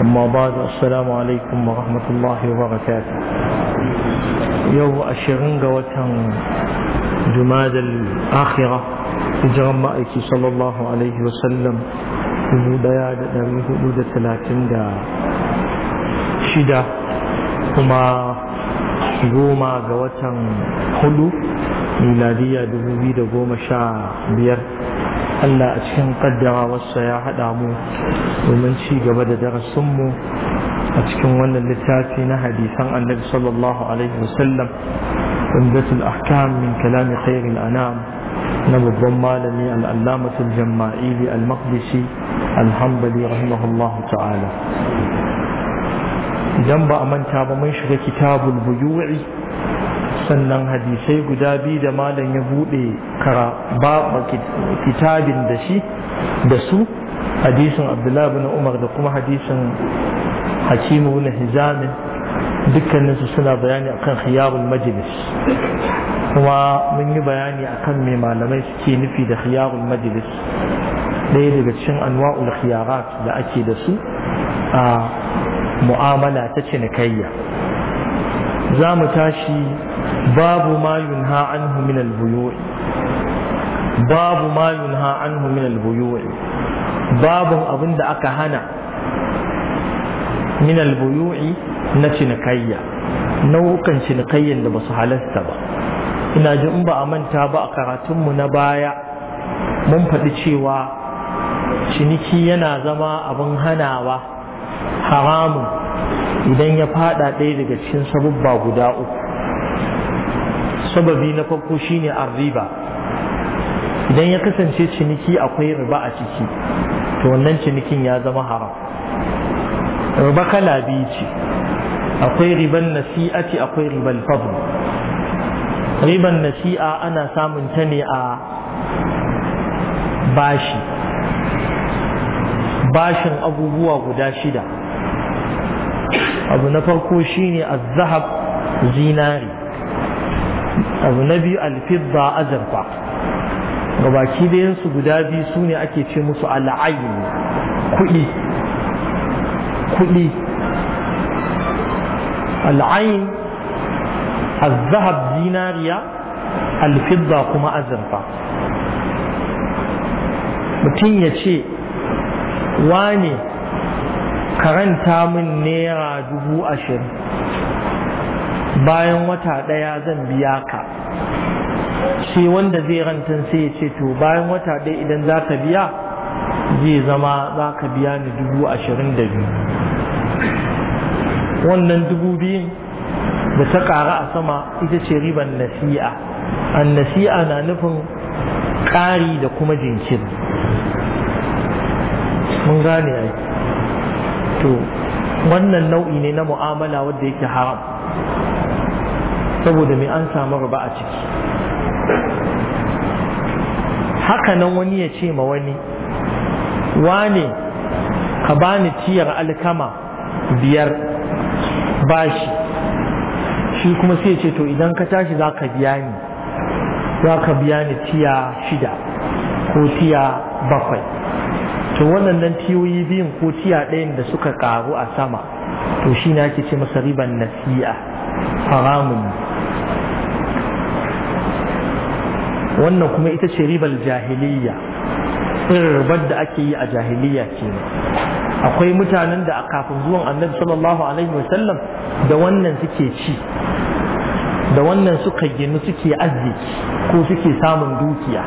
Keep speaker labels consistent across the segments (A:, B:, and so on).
A: أما بعد السلام عليكم ورحمة الله وبركاته يوم أشرين قوتهم جماد الآخرة hijiran ma'aiki sallallahu alaihi wasallam dubu daya da dari hudu da talatin da shida kuma goma ga watan hudu miladiya dubu biyu da goma sha biyar Allah a cikin wasu ya haɗa mu domin ci gaba da darasinmu a cikin wannan littafi na hadisan annabi sallallahu alaihi wasallam umdatul ahkam min kalami khairil anam na babban malami al'allamatul jama'ili al-maqdisi alhambali rahimahullah ta'ala idan ba a manta ba mun shiga kitabul buyu'i sannan hadisai guda biyu da malam ya bude kara ba kitabin da shi da su hadisin abdullahi bin umar da kuma hadisin hakimu na hizamin dukkaninsu suna bayani akan khiyarul majlis kuma mun yi bayani akan me malamai suke nufi da khiyarul majlis ɗaya daga cikin anwa'ul khiyarat da ake da su a mu'amala ta cinikayya za mu tashi babu ma yunha anhu min al-buyu'i babu ma yunha anhu min al-buyu'i aka hana min al-buyu'i na cinikayya nau'ukan cinikayyan da basu halasta ba ina ji in ba a manta ba a karatunmu na baya mun faɗi cewa ciniki yana zama abin hanawa haramun idan ya faɗa ɗaya daga cikin sabubba guda uku sababi na farko shine arriba idan ya kasance ciniki akwai riba a ciki to wannan cinikin ya zama haram riba kala biyu ce akwai riban nasi'ati akwai riban fadl riban nasi'a ana samun ta ne a bashi bashin abubuwa guda shida abu na farko shine az-zahab zinari abu na biyu alfidda azurfa gabaki dayansu guda biyu su ne ake ce musu al'ayin kuɗi kuɗi al'ayin zahab zinariya alfidda kuma azurfa mutum ya ce wane karanta min naira dubu ashirin bayan wata ɗaya zan biya ka shi wanda zai rantan sai ya ce to bayan wata ɗaya idan za ka biya zai zama za ka biya ni dubu ashirin da biyu wannan dubu biyun da ta ƙara a sama ita ce riban nasi'a an nasi'a na nufin ƙari da kuma jinkiri mun gane ai to wannan nau'i ne na mu'amala wadda yake haram saboda mai an samu ruba a ciki hakanan wani ya ce ma wani wane ka bani ciyar alkama biyar bashi shi kuma sai ce to idan ka tashi za ka biya ni za ka biya ni tiya shida ko tiya bakwai to waɗannan tiyoyi biyun ko tiya ɗayan da suka ƙaru a sama to shi na ke ce masa riban nasi'a haramun wannan kuma ita ce ribar jahiliya irin ribar da ake yi a jahiliya ce akwai mutanen da a kafin zuwan annabi sallallahu alaihi wasallam da wannan suke ci da wannan suka ginu suke arziki ko suke samun dukiya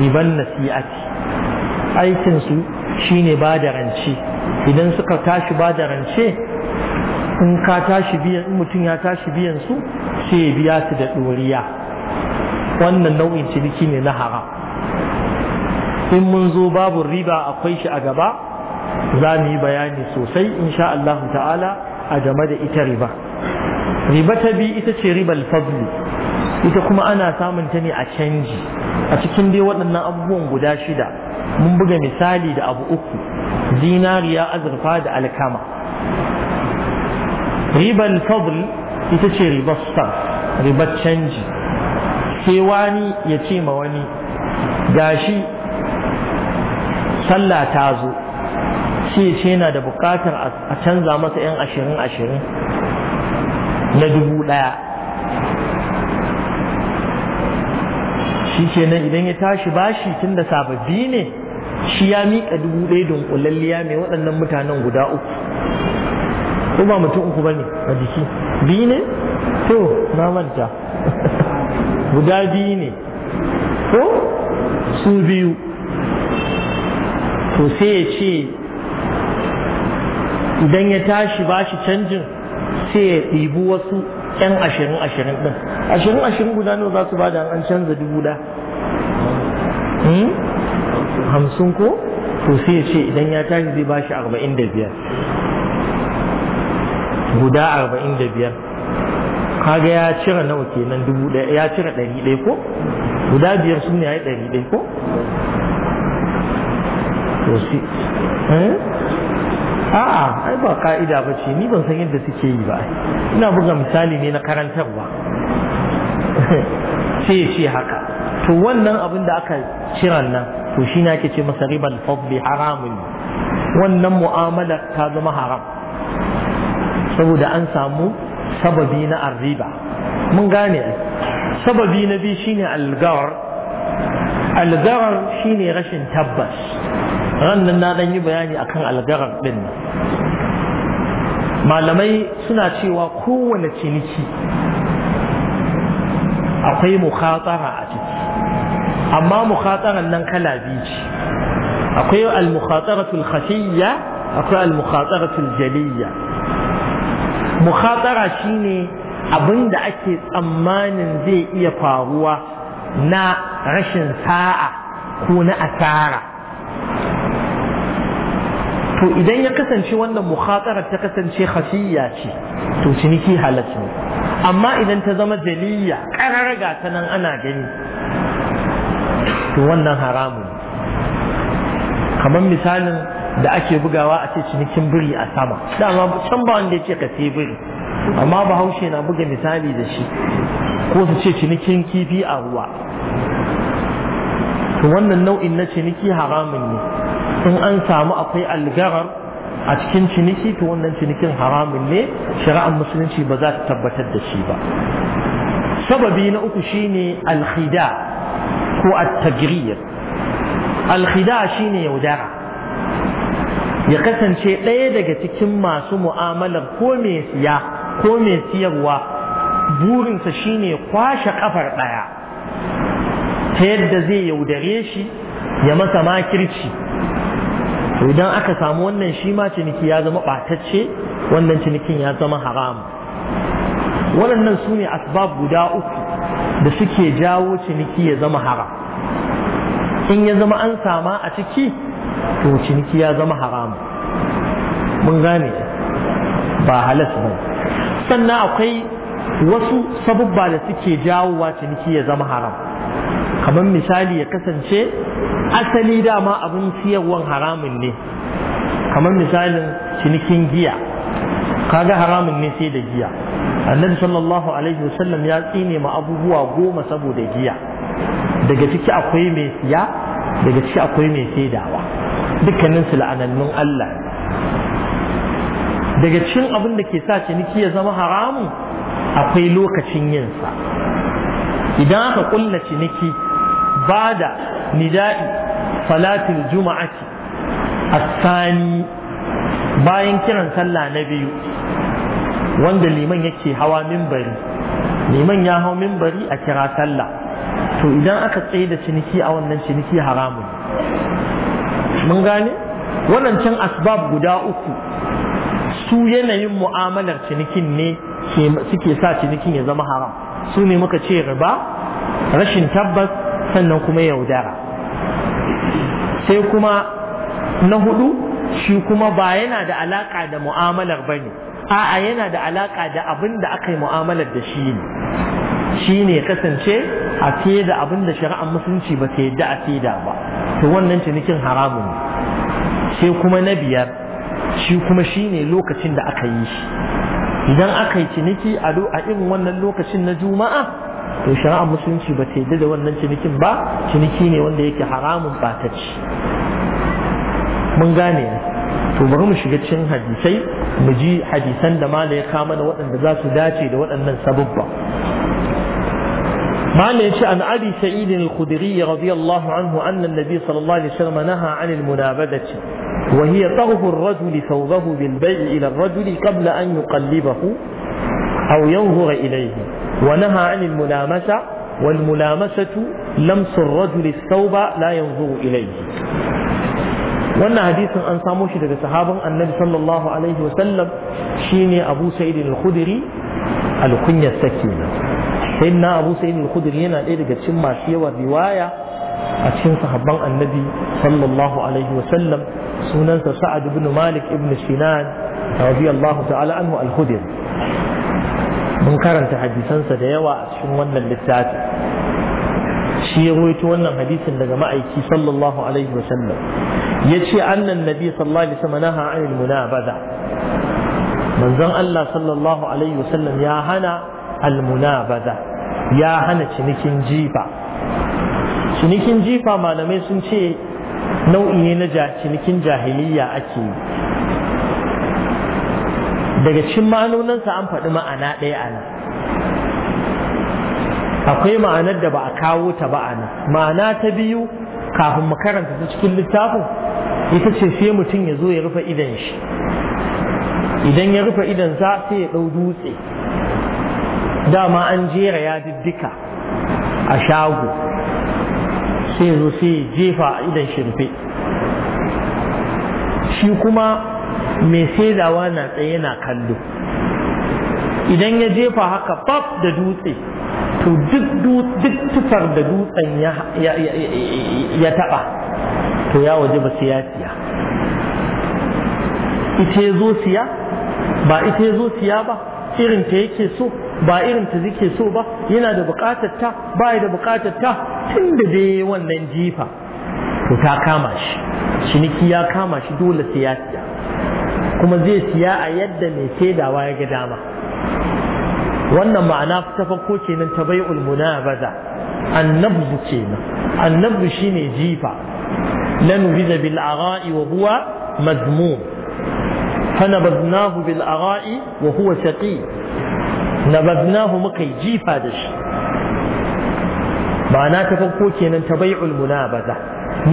A: riban nasihati aikinsu shine ba da rance idan suka tashi ba da rance in ka tashi biyan in mutum ya tashi biyan su sai ya biya su da ɗoriya wannan nau'in ciniki ne na haram in mun zo babu riba akwai shi a gaba za mu yi bayani sosai insha Allah ta'ala a game da ita riba riba ta bi ita ce ribal fadli ita kuma ana samun ta ne a canji a cikin dai waɗannan abubuwan guda shida mun buga misali da abu uku zinariya azurfa da alkama ribal fadl ita ce ribar sarf ribar canji sai wani ya ce ma wani gashi sallah ta zo shi ce yana da bukatar a canza masa 'yan ashirin ashirin na dubu ɗaya shi nan idan ya tashi bashi tun da sababbi ne shi ya miƙa dubu ɗaya ƙulalliya mai waɗannan mutanen guda uku ko ba mutum uku ba ne a jiki biyu ne to na manta guda biyu ne ko su biyu to sai ya ce idan ya tashi ba shi canjin sai ya ɗibi wasu 'yan ashirin ashirin ɗin ashirin ashirin guda nawa za su ba da an canza dubu da hmm? hamsin ko to sai ya ce idan ya tashi zai ba shi arba'in da biyar guda arba'in da biyar kaga ya cire nawa kenan dubu ɗaya ya cire ɗari ɗaya ko guda biyar sun ne ya yi ɗari ɗaya ko to shi eh? a'a ai ba ka'ida ba ce ni ban san yadda suke yi ba ina buga misali ne na karantarwa sai ce haka to wannan abin da aka ciran nan to shi na ke ce masa riban fadli haramun wannan mu'amalar ta zama haram saboda an samu sababi na arriba mun gane sababi na biyu shine algar algarar shine rashin tabbas rannan na dan yi bayani akan algarar din malamai suna cewa kowane ciniki akwai mukhatara a ciki amma mukhataran nan kala biyu ce akwai al-mukhataratul khafiyya akwai al-mukhataratul jaliyya mukhatara shine abin da ake tsammanin zai iya faruwa na rashin sa'a ko na asara to idan ya kasance wannan mukhatara ta kasance khafiyya ce to ciniki halatta amma idan ta zama jaliya karar ga ta nan ana gani to wannan haramun kamar misalin da ake bugawa a ce cinikin biri a sama dama can ba wanda yake ka biri amma bahaushe na buga misali da shi ko su ce cinikin kifi a ruwa to wannan nau'in na ciniki haramun ne in an samu akwai algarar a cikin ciniki to wannan cinikin haramun ne shari'ar musulunci ba za ta tabbatar da shi ba sababi na uku shine alkhida ko at-tajrir shine yaudara ya kasance ɗaya daga cikin masu mu'amalar ko mai siya ko mai siyarwa burinsa shine kwashe kafar ɗaya ta yadda zai yaudare shi ya masa makirci idan aka samu wannan shi ma ciniki ya zama ɓatacce wannan cinikin ya zama haramu waɗannan su ne asbab guda uku da suke jawo ciniki ya zama haram in ya zama an sama a ciki to ciniki ya zama haram mun gane ba halas ba sannan akwai wasu sabubba da suke jawowa ciniki ya zama haram kamar misali ya kasance asali dama abin siyarwan haramun ne kamar misalin cinikin giya kaga haramun ne sai da giya annabi sallallahu alaihi wasallam ya tsine ma abubuwa goma saboda giya daga ciki akwai mai siya daga ciki akwai mai saidawa dukkanin su la'anannun Allah daga cikin abin da ke sa ciniki ya zama haramun akwai lokacin yinsa idan aka kulla ciniki ba da nida'i ce juma'ati asani bayan kiran sallah na biyu wanda liman yake hawa mimbari liman ya hau mimbari a kira sallah to idan aka tsaye da ciniki a wannan ciniki haramun mun gane wannan can asbab guda uku su yanayin mu'amalar cinikin ne suke sa cinikin ya zama haram su ne muka ce riba rashin tabbas sannan kuma yaudara sai kuma na hudu shi kuma ba yana da alaka da mu'amalar ba ne a'a yana da alaka da abin da aka yi mu'amalar da shi ne shi ne kasance a da abin da shari'ar musulunci ba ta yadda a da ba to wannan cinikin haramun sai kuma na biyar shi kuma ne lokacin da aka yi shi idan aka yi ciniki a irin wannan lokacin na juma'a to shari'ar musulunci ba ta yadda da wannan cinikin ba ciniki ne wanda yake haramun bataci mun gane to bari mu shiga cikin hadisai mu ji hadisan da mala ya kama da waɗanda za su dace da waɗannan sabubba ما ليش عن أبي سعيد الخدري رضي الله عنه أن النبي صلى الله عليه وسلم نهى عن المنابدة وهي طرف الرجل ثوبه بالبيع إلى الرجل قبل أن يقلبه أو ينظر إليه ونهى عن الملامسة والملامسة لمس الرجل الثوب لا ينظر إليه وأن حديث أن samo shi daga sahabin annabi sallallahu alaihi wasallam shine abu sa'id al-khudri al sayyidina abu sa'id al-khudri yana ɗaya daga cikin masu yawan riwaya a cikin sahabban annabi sallallahu alaihi wa sallam sunansa sa'ad ibn malik ibn sinan radiyallahu ta'ala anhu al-khudri mun karanta hadisansa da yawa a cikin wannan littafi shi ya rawaito wannan hadisin daga ma'aiki sallallahu alaihi wa sallam yace annan nabi sallallahu alaihi wasallam naha anil munabada manzon Allah sallallahu alaihi wa sallam ya hana almunabaza ya hana cinikin jifa cinikin jifa malamai sun ce nau'i ne na cinikin jahiliya ake yi daga cikin sa an faɗi ma'ana ɗaya a nan akwai ma'anar da ba a kawo ta ba a nan ma'ana ta biyu kafin mu karanta ta cikin littafin ita ce sai mutum ya zo ya rufe idan shi idan ya rufe idan za sai ya ɗau dutse dama an jera ya diddika a shago sai zo sai jefa idan shirfe shi kuma mai saidawa na tsaye na kallo idan ya jefa haka fab da dutse to duk tufar da dutsen ya taba to ya waje ba siya ita ya zo siya ba ita siya ba irin ta yake so ba irin ta zike so ba yana da bukatar ta ba da bukatar ta tun da dai wannan jifa to ta kama shi ciniki ya kama shi dole sai ya siya kuma zai siya a yadda mai saidawa ya ga dama wannan ma'ana ta farko kenan ta bai ulmuna baza annabzu kenan annabzu shine jifa lan biza bil ara'i wa huwa mazmum bil'ara'i, فنبذناه بالأراء وهو سقي نبذناه مكي جيفا دش معناه تفكو كينا تبيع المنابذة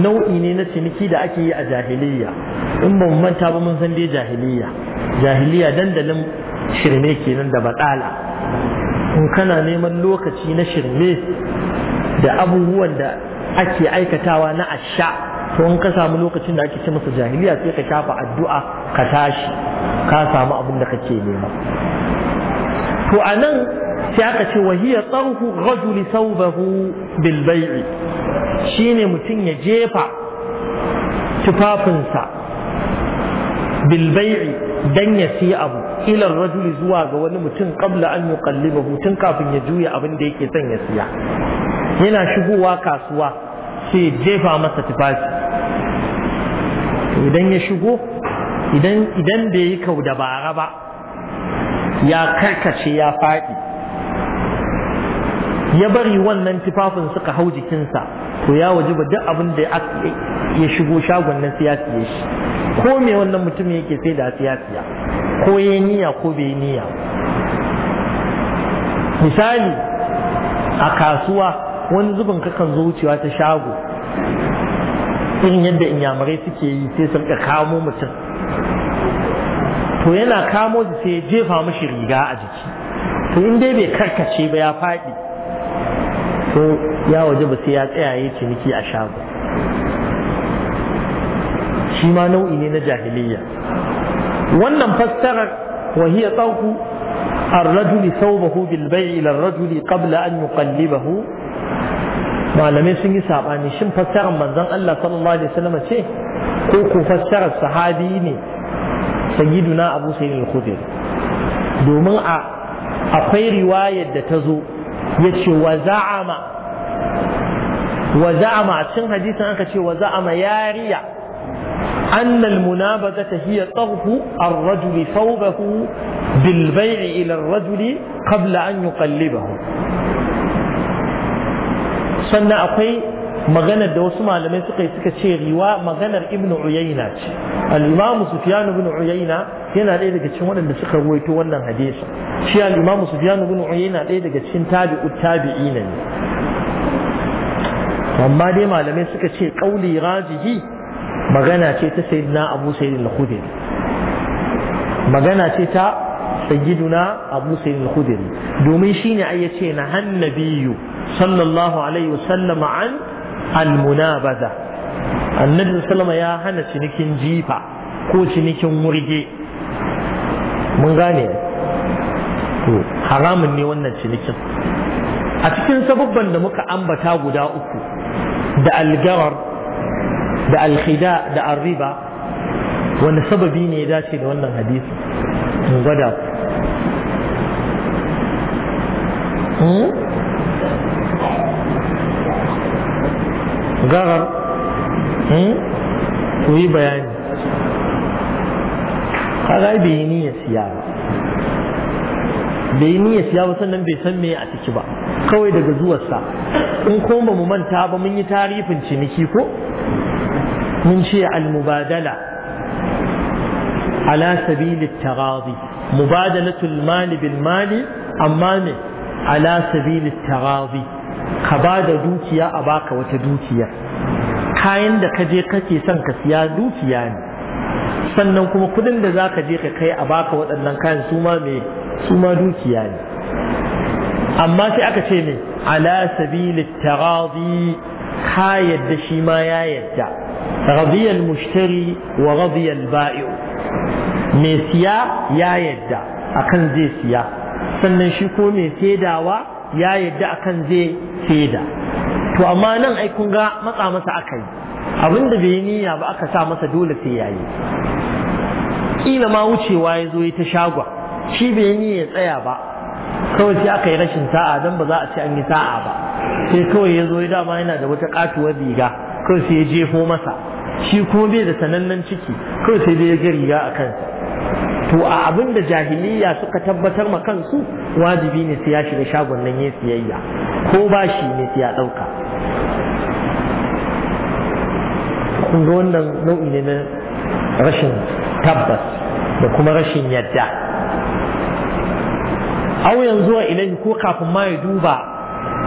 A: nau'i ne na ciniki da ake yi a jahiliya in bamu manta ba mun san dai jahiliya jahiliya dandalin shirme kenan da batsala in kana neman lokaci na shirme da abubuwan da ake aikatawa na asha to in ka samu lokacin da ake ce masa jahiliya sai ka shafa addu'a ka tashi ka samu abin da kake nema to a nan sai aka ce wahiyar tsarhu rajuli saubahu bil bai'i shine mutum ya jefa tufafinsa bil bai'i dan ya siya abu ilar rajuli zuwa ga wani mutum qabla an yuqallibahu tun kafin ya juya abin da yake son ya siya yana shigowa kasuwa sai jefa masa tufafi idan ya shigo idan bai yi kau dabara ba ya karkace ya faɗi ya bari wannan tufafin suka hau jikinsa to ya wajiba duk abin da ya shigo shagon na siya shi ko me wannan mutum yake sai da siya ko ya yi niya ko bai niya misali a kasuwa wani zubin kakan zo wucewa ta shago irin yadda inyamurai suke yi sai sun kamo mutum to yana kamo shi sai ya jefa mashi riga a jiki to in dai bai karkace ba ya faɗi to ya waje ba sai ya tsaya ya ciniki a shago shi ma nau'i ne na jahiliya wannan fassarar wahiyar tsaku الرجل ثوبه بالبيع إلى الرجل قبل أن يقلبه malamai sun yi sabani shin fassarar manzon Allah sallallahu alaihi wasallam ce ko ku fassarar sahabi ne sayyiduna Abu Sa'id al-Khudri domin a akwai riwayar da ta zo yace wa za'ama wa za'ama a cikin hadisin aka ce wa za'ama yariya أن المنابذة هي طرف الرجل ثوبه بالبيع إلى الرجل قبل أن يقلبه sannan akwai maganar da wasu malamai suka yi suka ce riwa maganar ibn uyayna ce al-imamu sufyan ibn uyayna yana ɗaya daga cikin waɗanda suka ruwaito wannan hadisi shi al-imamu sufyan ibn uyayna ɗaya daga cikin tabi'u tabi'ina ne amma dai malamai suka ce qauli rajihi magana ce ta sayyidina abu sayyid al-khudri magana ce ta sayyiduna abu sayyid al-khudri domin shine ayyace na hannabiyu صلى الله عليه وسلم عن المنابذة النبي صلى الله عليه وسلم يا هنا شنكين جيفا ko cinikin murge mun gane to haramun ne wannan cinikin a cikin sababban da muka ambata guda uku da algarar da alkhida da arriba wani sababi ne ya dace da wannan hadisi mun gwada ku hmm? garar hmm? ku yi bayani kaga bai yi niyyar siya ba bai yi niyyar siya ba sannan bai san me a ciki ba kawai daga zuwarsa in ko ba mu manta ba mun yi tarifin ciniki ko mun ce al-mubadala ala sabili tagadi mubadalatul mali bil mali amma ne ala sabili tagadi ka ba da dukiya a baka wata dukiya kayan da ka je kake son ka siya dukiya ne sannan kuma kudin da za ka je ka kai a baka waɗannan kayan su ma me su ma dukiya ne amma sai aka ce ne ala sabili ka yadda shi ma ya yadda radiyal mushtari wa radiyal ba'i'u mai siya ya yadda akan zai siya sannan shi ko mai saidawa ya yadda akan zai saida to amma nan ai kun ga matsa masa aka yi abinda bai niyya ba aka sa masa dole sai yayi kila ma wucewa ya zo ya ta shagwa shi bai niyya ya tsaya ba kawai sai aka yi rashin sa'a dan ba za a ce an yi sa'a ba sai kawai ya zo ya dama yana da wata katuwar riga kawai sai ya jefo masa shi kuma bai da sanannen ciki kawai sai dai ya ga riga a kansa to a abin da jahiliya suka tabbatar ma kansu wajibi ne su yashi da shagon nan ya siyayya ko ba shi ne su ya ɗauka kun ga wannan nau'i ne na rashin tabbas da kuma rashin yadda au yanzu a ilahi ko kafin ma ya duba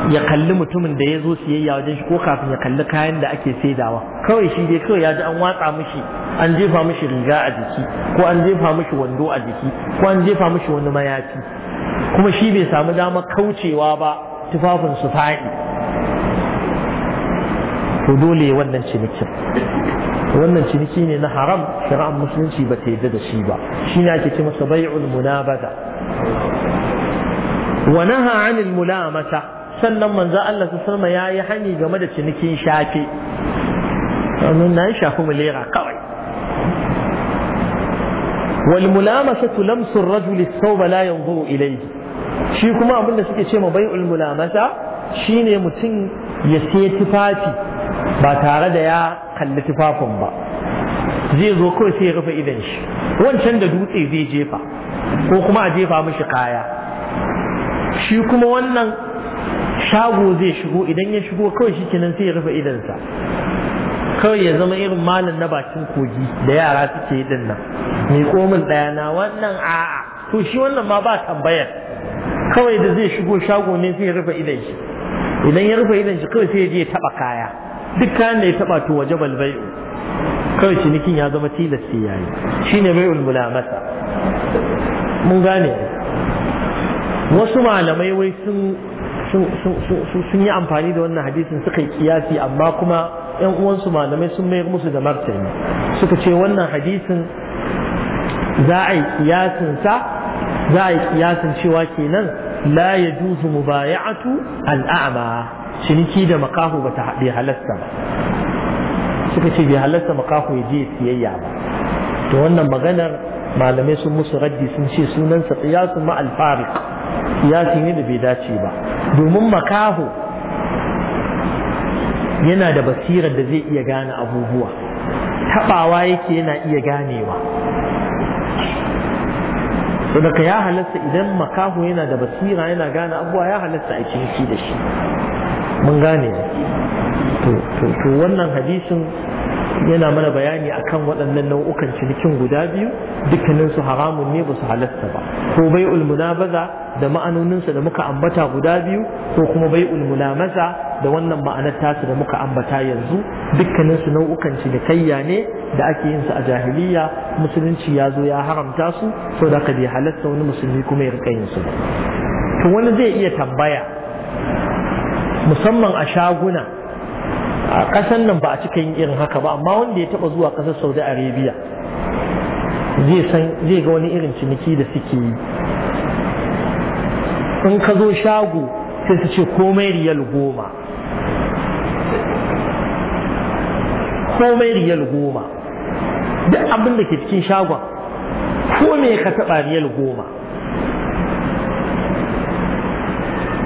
A: ya kalli mutumin da ya zo siyayya wajen shi ko kafin ya kalli kayan da ake saidawa kawai shi dai kawai ya ji an watsa mishi an jefa mishi riga a jiki ko an jefa mishi wando a jiki ko an jefa mishi wani mayafi kuma shi bai samu damar kaucewa ba tufafin su faɗi to dole wannan cinikin wannan ciniki ne na haram shari'ar musulunci ba ta yadda da shi ba shi ne ake ce masa bai'ul munabada wa naha anil mulamata sannan manzo Allah sallallahu alaihi ya yi hani game da cinikin shafe domin na shafi mulera kawai wal mulamasatu lamsu rajuli thawba la yanzuru ilayhi shi kuma abin da suke ce ma bai'ul mulamasa shine mutum ya sai tufafi ba tare da ya kalli tufafin ba zai zo kawai sai ya rufe idan shi wancan da dutse zai jefa ko kuma a jefa mishi kaya shi kuma wannan shago zai shigo idan ya shigo kawai shi kenan sai ya rufe idansa kawai ya zama irin malam na bakin kogi da yara suke yi din nan mai komin daya na wannan a'a to shi wannan ma ba tambayar kawai da zai shigo shago ne sai ya rufe idan shi idan ya rufe idan shi kawai sai ya je ya taɓa kaya duk kayan da ya taɓa to waje balbai kawai cinikin ya zama tilas sai yayi shine mai mulamata mun gane wasu malamai wai sun sun yi amfani da wannan hadisin suka yi kiyasi amma kuma yan uwansu malamai sun mayar musu da martani suka ce wannan hadisin za a yi kiyasin sa za a yi kiyasin cewa kenan la yajuzu mubaya'atu al'ama ciniki da makahu bata haɗe halasta ba suka ce bai halasta makahu ya je siyayya ba to wannan maganar malamai sun musu raddi sun ce sunansa qiyasu ma al-fariq Yakin ne da bai dace ba domin makaho yana da basirar da zai iya gane abubuwa taɓawa yake yana iya ganewa daga ya halatta idan makaho yana da basira yana gane abubuwa ya halatta a ciniki da shi mun gane to wannan hadisin yana mana bayani akan waɗannan nau'ukan cinikin guda biyu dukkanin haramun ne ba su halasta ba ko ulmuna ulmunabaza da ma'anoninsa da muka ambata guda biyu ko kuma ulmuna ulmunamaza da wannan ma'anar tasu da muka ambata yanzu dukkanin nau'ukan cinikayya ne da ake yin su a jahiliya musulunci ya zo ya haramta su da ka bai halasta wani musulmi kuma ya rika yin su to wani zai iya tambaya musamman a shaguna a ƙasar nan ba a cika yin irin haka ba amma wanda ya taɓa zuwa ƙasar saudi arabia zai san zai ga wani irin ciniki da suke yi in ka zo shago sai su ce komai riyal goma komai riyal goma duk abin da ke cikin shagon ko me ka taɓa riyal goma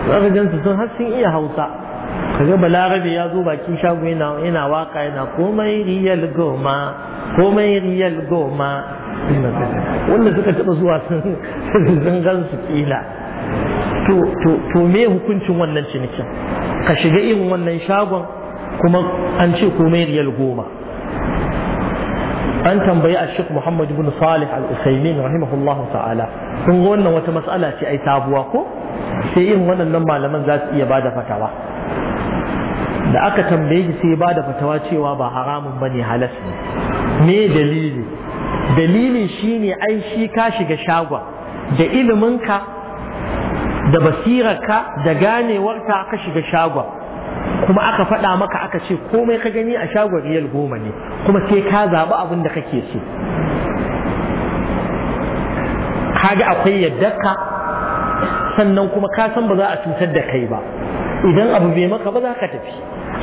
A: zaka su sun har sun iya hausa kaga balarabe ya zo bakin shago yana yana waka yana komai riyal goma komai riyal goma wanda suka taba zuwa sun gan su kila to me hukuncin wannan cinikin ka shiga irin wannan shagon kuma an ce komai riyal goma an tambayi a shek muhammad ibn salih al-usaimin rahimahullah ta'ala kun ga wannan wata matsala ce ai sabuwa ko sai irin waɗannan malaman za su iya bada fatawa da aka tambaye shi sai ba da fatawa cewa ba haramun bane halas ne me dalili dalili shine ai shi ka shiga shagwa da ka da basirarka da ganewarka ka shiga shagwa kuma aka faɗa maka aka ce komai ka gani a shagon riyal goma ne kuma sai ka zaɓi abin da kake so kaga akwai yaddarka sannan kuma ka san ba za a cutar da kai ba idan abu bai maka ba za ka tafi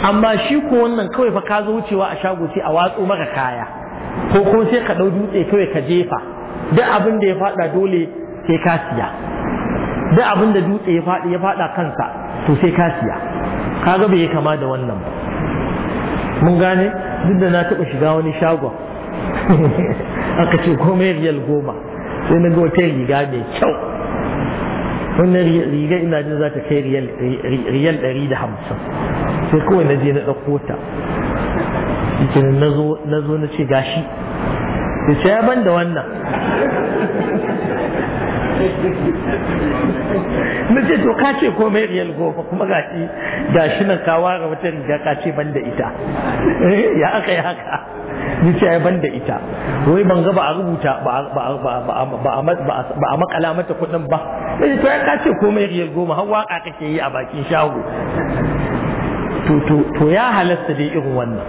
A: amma shi ko wannan kawai fa ka zo wucewa a shago sai a watsu maka kaya ko kuma sai ka ɗau dutse kawai ka jefa duk abin da ya faɗa dole sai ka siya duk abin da dutse ya ya faɗa kansa to sai ka siya kaga bai kama da wannan ba mun gane duk da na taba shiga wani shago aka ce komai riyal goma sai na ga wata riga mai kyau wannan riga ina jin za ta kai riyal ɗari da hamsin sai kawai na je na ɗauko ta na zo na ce gashi da ce ya ban da wannan na ce to kace ko mai riyal goma kuma gashi gashi nan kawo ware wata riga kace ban da ita ya aka yi haka ni ce ban da ita wai ban ga ba a rubuta ba a makala mata kuɗin ba sai to ya kace komai riyal goma har waka kake yi a bakin shago to ya halasta dai irin wannan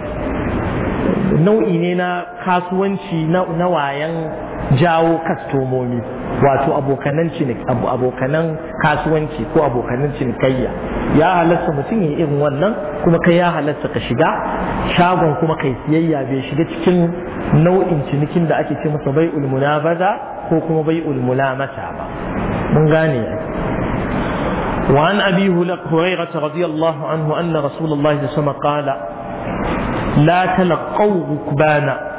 A: nau'i ne na kasuwanci na wayan jawo kastomomi wato abokanan cinik abokanan kasuwanci ko abokanan cinikayya ya halatta mutum ya irin wannan kuma kai ya halatta ka shiga shagon kuma kai siyayya bai shiga cikin nau'in cinikin da ake ce masa bai ulmuna ko kuma bai ulmula ba mun gane وعن أبي هريرة رضي الله عنه أن رسول الله صلى الله عليه وسلم قال لا تلقوا ركبانا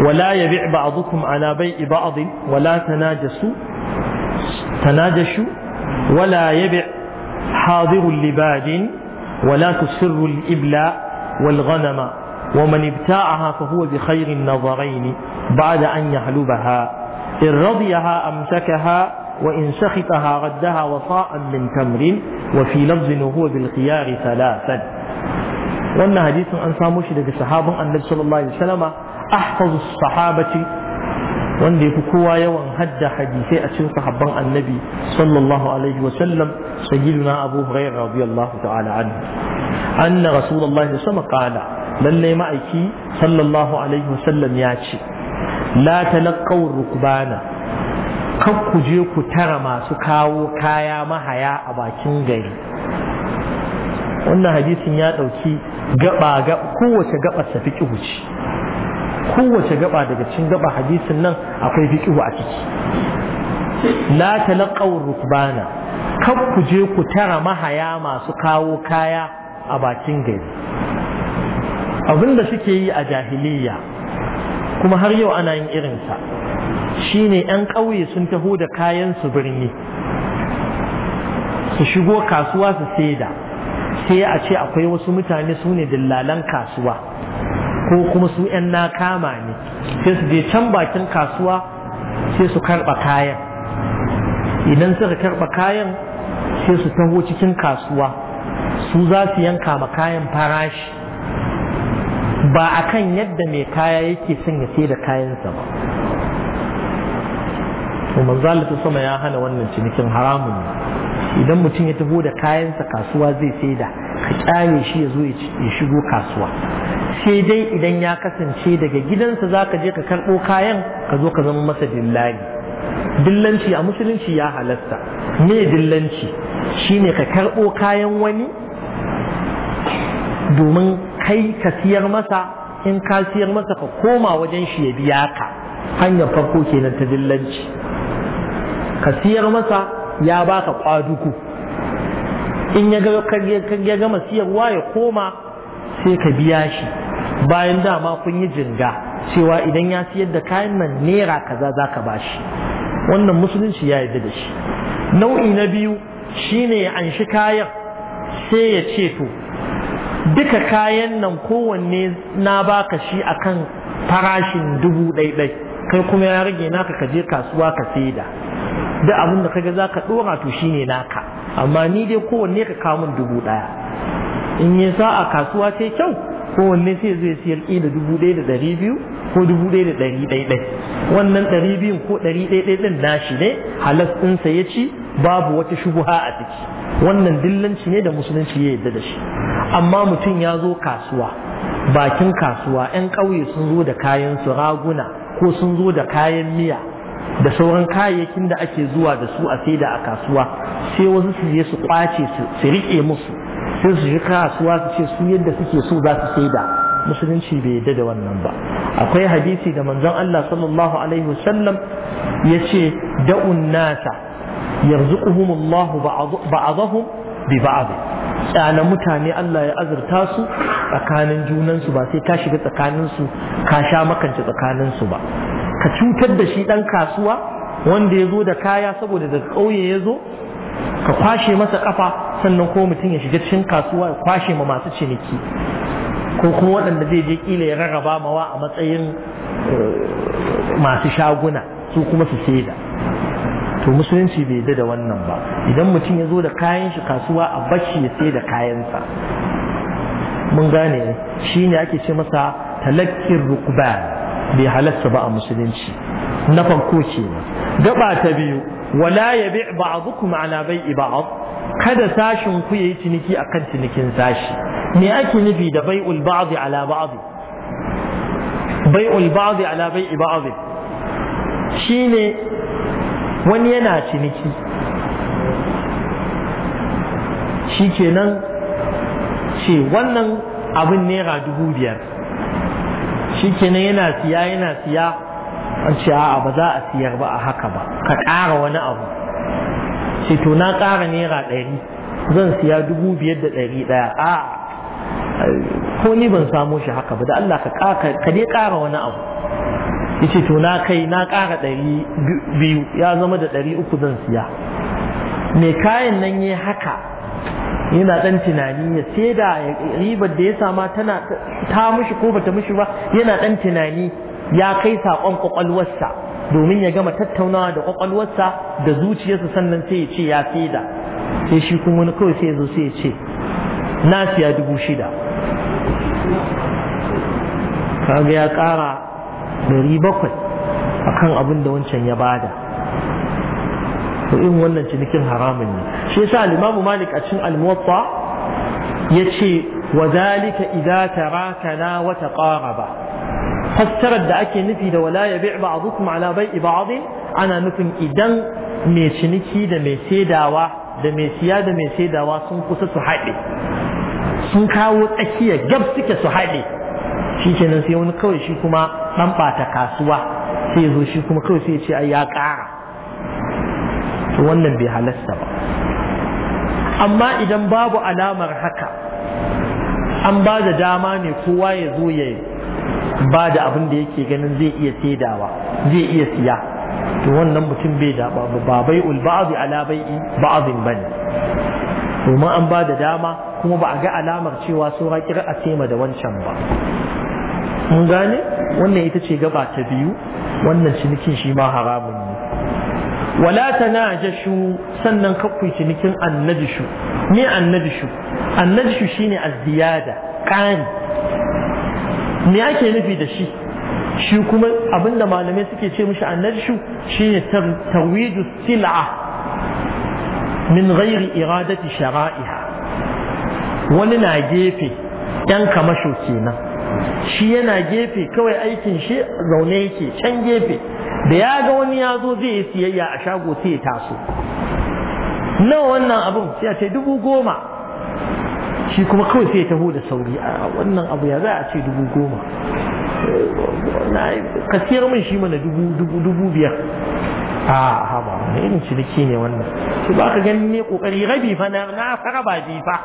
A: ولا يبيع بعضكم على بيع بعض ولا تناجسوا تناجشوا ولا يبيع حاضر لباد ولا تسر الإبلاء والغنم ومن ابتاعها فهو بخير النظرين بعد أن يحلبها إن رضيها أمسكها وإن سخطها ردها وصاء من تمر وفي لفظ وهو بالخيار ثلاثا wannan hadisin an samo shi daga sahabin annabi sallallahu alaihi wasallama ahfazu sahabati wanda yafi kowa yawan hadda hadisai a cikin sahabban annabi sallallahu alaihi wasallam sayyiduna abu hurairah radiyallahu ta'ala anhu anna rasulullahi sallallahu alaihi lalle ma'aiki sallallahu alaihi wasallam ya ce la talaqaw rukbana kan ku je ku tara masu kawo kaya mahaya a bakin gari wannan hadisin ya ɗauki gaba ga kowace gaba ta fi ce kowace gaba daga cin gaba hadisin nan akwai fi a ciki la talaqaw rukbana kar ku je ku tara mahaya masu kawo kaya a bakin gari abinda suke yi a jahiliya kuma har yau ana yin irinsa shine 'yan ƙauye sun taho da kayan su birni su shigo kasuwa su saida sai a ce akwai wasu mutane su ne dillalan kasuwa ko kuma su 'yan na kama ne sai su je can bakin kasuwa sai su karɓa kayan idan suka karɓa kayan sai su taho cikin kasuwa su za su yanka ma kayan farashi ba a kan yadda mai kaya yake son ya da kayansa ba to manzo sama ya hana wannan cinikin haramun ne idan mutum ya taho da kayansa kasuwa zai saida ka kyale shi ya zo ya shigo kasuwa sai dai idan ya kasance daga gidansa za ka je ka karɓo kayan ka zo ka zama masa dillali dillanci a musulunci ya halatta me dillanci shi ne ka karɓo kayan wani domin kai ka siyar masa in ka siyar masa ka koma wajen shi ya biya ka hanyar farko kenan ta dillanci ka siyar masa ya baka kwaduku in ya ya gama siyarwa ya koma sai ka biya shi bayan dama kun yi jinga cewa idan ya siyar da kayan nan naira kaza za ka shi. wannan musulunci ya yi da shi nau'i na biyu shine ya anshi kayan sai ya ce to duka kayan nan kowanne na baka shi akan farashin dubu ɗaiɗai kai kuma ya rage naka ka je kasuwa ka saida da abin da kaga zaka dora to shine naka amma ni dai kowanne ka kawo min dubu daya in yi a kasuwa sai kyau kowanne sai zai siyar da dubu ɗaya da ɗari biyu ko dubu ɗaya da ɗari ɗaiɗai wannan ɗari biyun ko ɗari ɗaiɗai ɗin nashi ne halas ɗinsa ya ci babu wata shubuha a ciki wannan dillanci ne da musulunci ya yarda da shi amma mutum ya zo kasuwa bakin kasuwa 'yan ƙauye sun zo da kayan su raguna ko sun zo da kayan miya da sauran kayayyakin da ake zuwa da su a saida a kasuwa sai wasu su je su kwace su rike musu sai su shi kasuwa su ce su yadda suke so za su saida musulunci bai yadda da wannan ba akwai hadisi da manzon Allah sallallahu alaihi wasallam yace da'un nasa Allah ba'dahum bi ba'd tsana mutane Allah ya azurta su tsakanin junansu ba sai ka shiga tsakanin su ka sha makance tsakaninsu ba ka cutar da shi ɗan kasuwa wanda ya zo da kaya saboda da ƙauye ya zo ka kwashe masa ƙafa sannan ko mutum ya shiga cikin kasuwa ya kwashe ma masu ciniki ko kuma waɗanda zai je ƙila ya rarraba mawa a matsayin eh, masu shaguna su kuma su saida to musulunci bai yadda da wannan ba idan mutum ya zo da kayan shi kasuwa a bashi ya saida kayansa mun gane shi ne ake ce masa talakkin rukban bai halarta ba a musulunci na farko kenan gaba ta biyu wala yabi ba'dukum ala bai'i ba'd kada sashin ku yayi ciniki akan cinikin sashi me ake nufi da bai ba'd ala ba'd bai'ul ba'd ala bai'i wani yana ciniki shikenan ce wannan abin naira dubu biyar shi kenan yana siya yana siya an ce a'a ba za a siyar ba a haka ba ka ƙara wani abu ce to na ƙara naira ɗari zan siya dubu biyar da ɗari ɗaya a ko ni ban samo shi haka ba da Allah ka ka dai ƙara wani abu ya ce to na kai na ƙara ɗari biyu ya zama da ɗari uku zan siya mai kayan nan ya haka yana dan tunani ya sai da ribar da ya sama tana ta mushi ko bata mushi ba yana dan tunani ya kai sakon kwakwalwarsa domin ya gama tattaunawa da kwakwalwarsa da zuciyarsa sannan sai ya ce ya sai sai shi kuma wani kawai sai ya zo sai ya ce na siya dubu shida kaga ya kara dari bakwai akan abin da wancan ya bada to in wannan cinikin haramun ne shi yasa al Malik a cikin al ya yace wa zalika idza tarakana wa taqaraba fassarar da ake nufi da wala yabi ba'dukum ala bai'i ba'd ana nufin idan mai ciniki da mai saidawa da mai siya da mai saidawa sun kusa su haɗe sun kawo tsakiya gab suke su haɗe shi kenan sai wani kawai shi kuma ɗan ɓata kasuwa sai ya zo shi kuma kawai sai ya ce ai ya ƙara wannan bai halasta ba amma idan babu alamar haka an ba da dama ne kowa ya zo ya ba da abin da yake ganin zai iya saidawa zai iya siya to wannan mutum bai da ba babai ulba'adu ala bai'i bane domin an ba da dama kuma ba a ga alamar cewa saura kira a tema da wancan ba mun gane wannan ita ce gaba ta biyu wannan cinikin shi ma haramun wala tanajashu sannan kakwai cinikin annajishu ne annajishu annajishu shine azziyada ƙari me ake nufi da shi shi kuma abinda malamai suke ce mishi annajishu shine tarwidu sil'a min ghairi iradati shara'iha wani na gefe yan kamasho kenan shi yana gefe kawai aikin shi zaune yake can gefe da ya ga wani ya zo zai yi siyayya a shago sai ya taso nawa wannan abin sai a ce dubu goma shi kuma kawai sai ya taho da sauri a wannan abu ya za a ce dubu goma ka siyar min shi mana dubu biyar a haba wani irin ciniki ne wannan shi ba ka gani ne kokari rabi fa na fara ba bi fa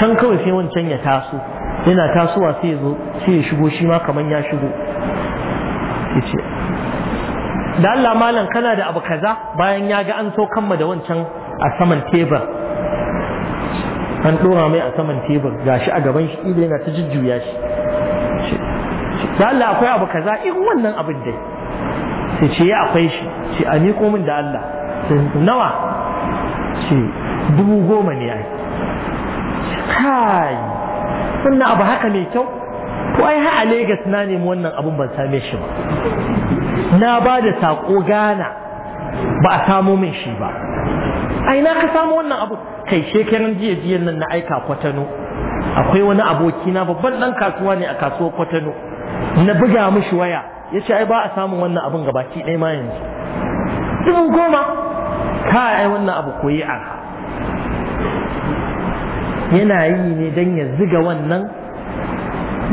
A: can kawai sai wancan ya taso yana tasowa sai ya zo sai ya shigo shi ma kamar ya shigo yace da Allah malam kana da abu kaza bayan ya ga an so mu da wancan a saman tebur an dora mai a saman tebur gashi a gaban shi ido yana ta jujjuya shi da Allah akwai abu kaza in wannan abin dai sai ce ya akwai shi ce a miko min da Allah nawa ce dubu goma ne ai kai wannan abu haka mai kyau ai ha a Legas na nemi wannan abun ban same shi ba na ba da sako gana ba a samo min shi ba ai na ka samu wannan abu kai shekaran jiya jiyan nan na aika kwatano akwai wani aboki na babban dan kasuwa ne a kasuwar kwatano na buga mishi waya ya ce ai ba a samun wannan abun gabaki ɗaya ma yanzu dubu goma ka ai wannan abu koyi a yana yi ne don ya ziga wannan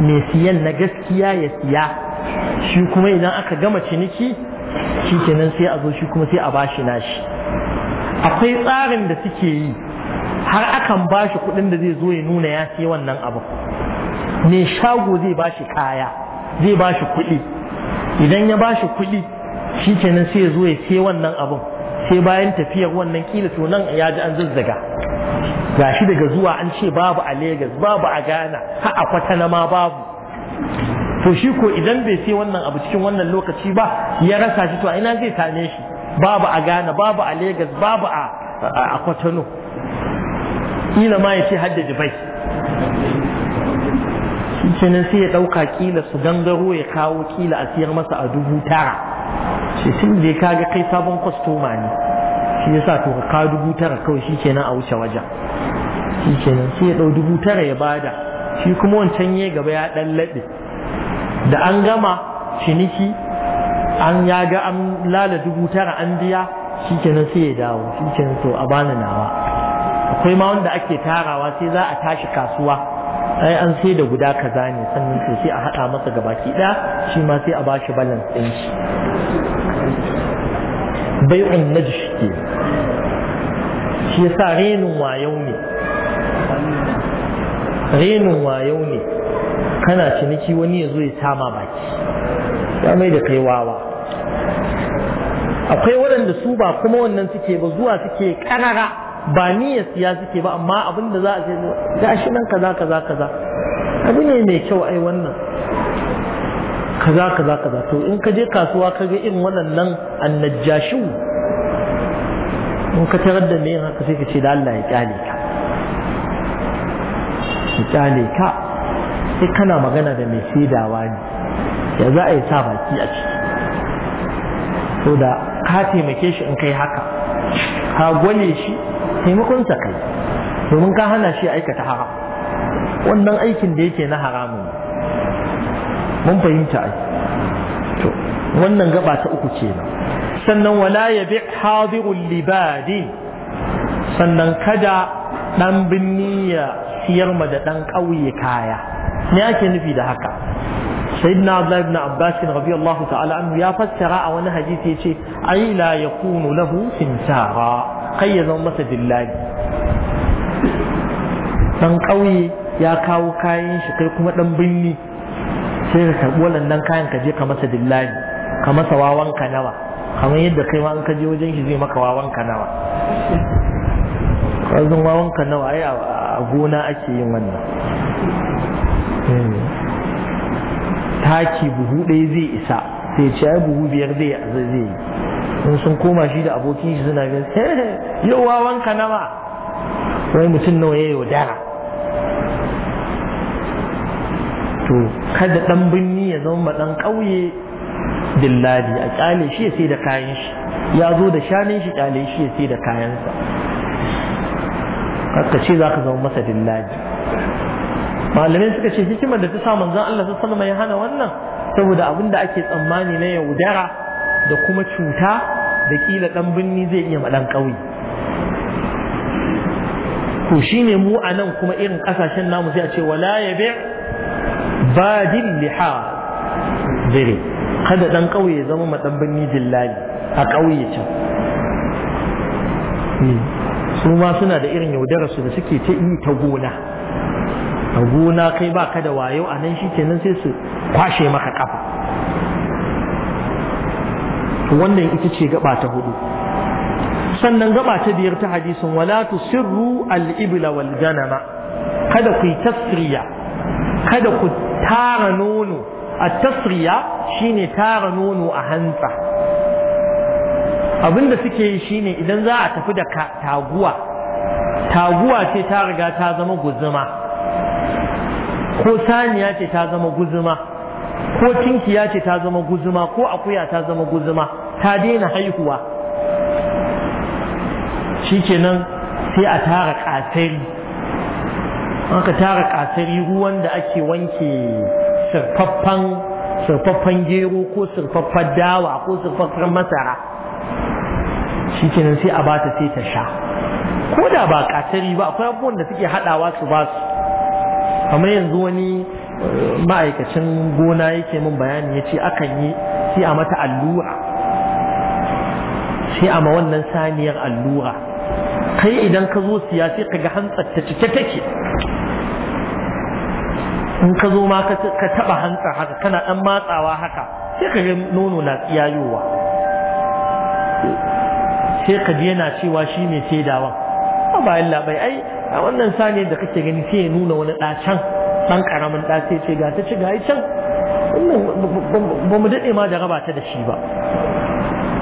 A: mai siyan na gaskiya ya siya shi kuma idan aka gama ciniki shi kenan sai a zo shi kuma sai a bashi nashi akwai tsarin da suke yi har akan bashi kuɗin da zai zo ya nuna ya siya wannan abu mai shago zai bashi kaya zai bashi kuɗi idan ya bashi kuɗi shi kenan sai ya zo ya siya wannan abun sai bayan tafiyar wannan kila to nan ya ji an zazzaga gashi daga zuwa an ce babu a Legas babu a Ghana har a kwatana ma babu to shi ko idan bai sai wannan abu cikin wannan lokaci ba ya rasa shi to a ina zai same shi babu a Ghana babu a Legas babu a a kwatano ina ma ya ce hadda Dubai shi nan sai ya ɗauka kila su gangaro ya kawo kila a siyar masa a dubu tara shi tun da ya kaga kai sabon kwastoma ne shi sa to ka dubu tara kawai shi kenan a wuce wajen shi kenan sai ya ɗau dubu tara ya bada shi kuma wancan ya gaba ya ɗan laɗe da an gama ciniki an ya ga an lala dubu tara an biya shi kenan sai ya dawo shi kenan to a bani nawa akwai ma wanda ake tarawa sai za a tashi kasuwa ai an sai da guda kaza ne sannan to sai a haɗa masa gabaki ɗaya shi ma sai a bashi balance ɗin shi bai'un najshi ke shi yasa renin wayau ne renin wayo ne kana ciniki wani ya zo ya sama baki ya mai da kai wawa akwai waɗanda su ba kuma wannan suke ba zuwa suke ƙarara ba niyya siya suke ba amma abin da za a ce ga shi nan kaza kaza kaza abu ne mai kyau ai wannan kaza kaza kaza to in ka je kasuwa ka ga irin waɗannan annajashin, in ka tarar da me haka sai ka ce da Allah ya kyale ka su kyale ka sai kana magana da mai saidawa ne ya za a yi sa baki a ciki so da ka taimake shi in kai haka ka gwale shi taimakonsa kai domin ka hana shi aikata haram wannan aikin da yake na haramun mun fahimta ai to wannan gaba ta uku kenan sannan wala ya bi hadirul libadi sannan kada dan binniya siyar ma da ɗan ƙauye kaya me ake nufi da haka sayyidina abdullahi ibn abbas ta'ala anhu ya fassara a wani hadisi yace ai la yakunu lahu kai ya zama masa dillahi dan ƙauye ya kawo kayan shi kai kuma dan binni sai ka karɓi waɗannan kayan ka je ka masa dillahi ka masa wawan ka nawa kamar yadda kai ma in ka je wajen shi zai maka wawan ka nawa wawan ka nawa ai a gona ake yin wannan eh. taki buhu ɗaya zai isa sai ce ai buhu biyar zai zai yi in sun koma shi da abokin shi suna gan yau wanka nama wai mutum nawa ya yaudara to kada ɗan birni ya zama ma ɗan ƙauye dillali a ƙyale shi ya sai da kayan shi ya zo da shanin shi ƙyale shi ya sai da kayansa haka ce za ka zama masa dillaji malamai suka ce hikimar da ta sa manzon Allah sallallahu alaihi ya hana wannan saboda abin da ake tsammani na yaudara da kuma cuta da kila dan binni zai iya ma dan kauye to shine mu a nan kuma irin kasashen namu sai a ce wala yabi badil liha dire kada dan kauye zama ma dan binni dillali a kauye can hmm. su ma suna da irin yaudararsu da suke ta yi ta gona a gona kai ba ka da wayo a nan shi kenan sai su kwashe maka kafa wannan ita ce gaba ta hudu sannan gaba ta biyar ta hadisin wala sirru al-ibla wal ganama kada ku yi tasriya kada ku tara nono a tasriya shine tara nono a hansa. abin da suke yi shine idan za a tafi da taguwa taguwa ce ta riga ta zama guzuma ko saniya ce ta zama guzuma ko tinkiya ce ta zama guzuma ko akuya ta zama guzuma ta daina haihuwa Shi shikenan sai a tara kasari aka tara kasari ruwan da ake wanke sirfaffan sirfaffan gero ko sirfaffan dawa ko sirfaffan masara shi kenan sai a bata sai ta sha ko da ba katari ba akwai abubuwan da suke haɗawa su ba su kamar yanzu wani eh, ma'aikacin gona yake min bayani ya ce akan yi sai a mata allura sai a ma wannan saniyar allura kai idan ka zo siya sai ka ga hantsar ta cike take in ka zo ma ka taba hantsar haka kana dan matsawa haka sai ka ga nono na tsiyayowa sai ka ji yana cewa shi mai shaidawan a bayan labai ai a wannan saniyar da kake gani sai ya nuna wani ɗacan ɗan ƙaramin ɗa ce ga ta ci ga can wannan ba mu daɗe ma da raba ta da shi ba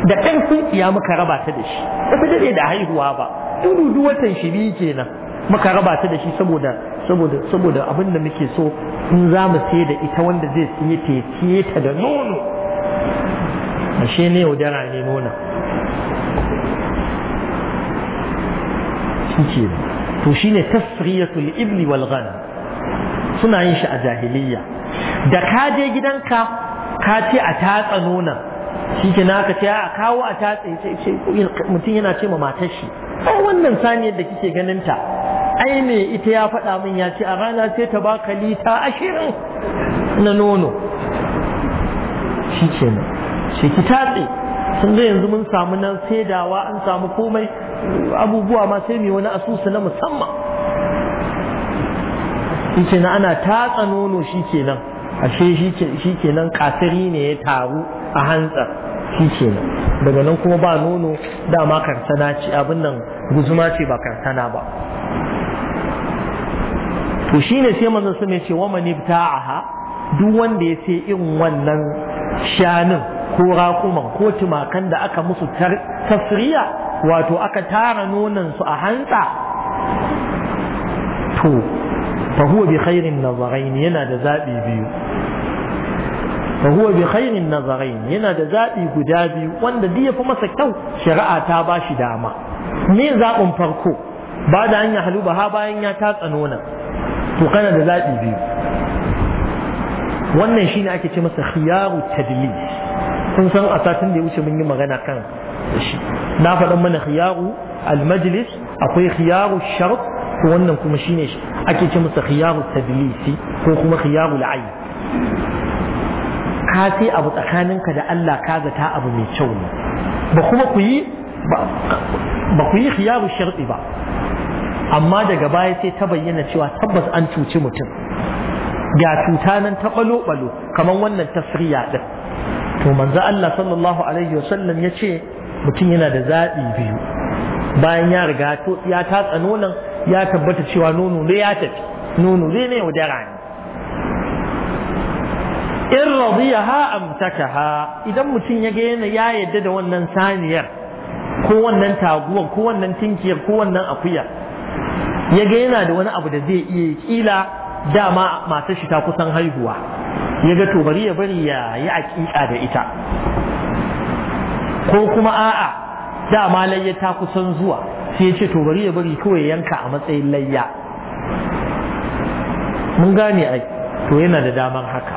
A: da ƙarfin iya muka raba ta da shi ba mu daɗe da haihuwa ba dudu watan shi biyu kenan muka raba ta da shi saboda saboda saboda abin da muke so in za mu sai da ita wanda zai siye ta ta da nono ashe ne yaudara ne nona shi to shine tasriyatul ibni wal ghan suna yin shi a jahiliya da ka je gidanka ka ce a tatsa nuna, shi ke na ka ce a kawo a tatsa mutum yana ce ma matar shi ai wannan saniyar da kike ganin ta ai me ita ya faɗa min ya ce a rana sai ta baka lita ashirin na nono shi ke nan shi ki tatse sun zai yanzu mun samu nan dawa an samu komai abubuwa ma sai mai wani asusu na musamman shi na ana tatsa nono shi kenan ashe shi kenan kasiri ne ya taru a hantsa shi kenan daga nan kuma ba nono dama karsana ce abin guzuma ce ba karsana ba to shine sai manzo mai ce wa a ha duk wanda ya sai irin wannan shanin ko raƙuman ko tumakan da aka musu tasriya wato aka tara nonan su a hantsa to fa bi khairin nazarain yana da zabi biyu fa bi khairin nazarain yana da zaɓi guda biyu wanda duk fi masa kyau shari'a ta bashi dama me zabin farko ba da an ya halu ha bayan ya tatsa nonan to kana da zaɓi biyu wannan shine ake ce masa khiyaru tadlis kun san a satin da ya wuce mun yi magana kan shi na faɗin mana khiyaru al-majlis akwai khiyaru shart to wannan kuma shine ake ce masa khiyaru tadlisi ko kuma khiyaru al ka sai abu tsakaninka da Allah ka ta abu mai kyau ne ba kuma ku yi ba ku yi khiyaru ba amma daga baya sai ta bayyana cewa tabbas an cuci mutum ga cuta nan ta balo balo kamar wannan tasriya din to manzo Allah sallallahu alaihi wasallam ya ce mutum yana da zaɓi biyu bayan ya riga ya tatsa nonon ya tabbata cewa nono ne ya tafi nono ne ne wadara ne in radiyaha amsakaha idan mutum ya ga yana ya yadda da wannan saniyar ko wannan taguwar ko wannan tinkiyar ko wannan akuya ya ga yana da wani abu da zai iya kila dama matar shi ta kusan haihuwa ya ga bari ya bari ya yi aƙiƙa da ita ko kuma a'a dama layya ta kusan zuwa sai ya ce bari ya bari kawai yanka a matsayin layya mun gane ai to yana da daman haka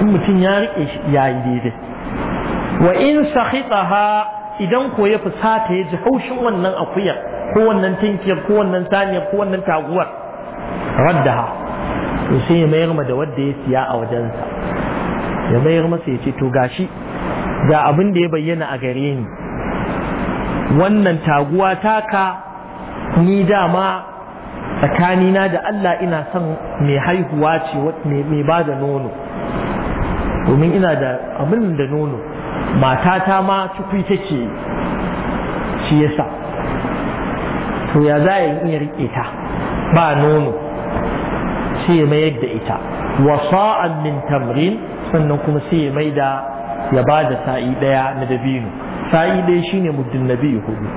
A: in mutum ya riƙe shi ya yi daidai wa in sakhitaha idan ko ya fusata ya ji haushin wannan akuyar ko wannan tinkiyar ko wannan saniyar ko wannan taguwar raddaha to sai ya mayar ma da wanda ya siya a wajensa ya mayar masa ya ce to gashi ga abin da ya bayyana a gare ni wannan taguwa taka ni dama tsakanina da Allah ina son mai haihuwa ce mai ba da nono domin ina da abin da nono matata ma cikin take shi yasa to ya za a iya rike ta ba nono sai ya mayar da ita wasa'an min tamrin sannan kuma sai ya maida ya ba da sa'i daya na dabino sa'i daya shine muddin nabi hudu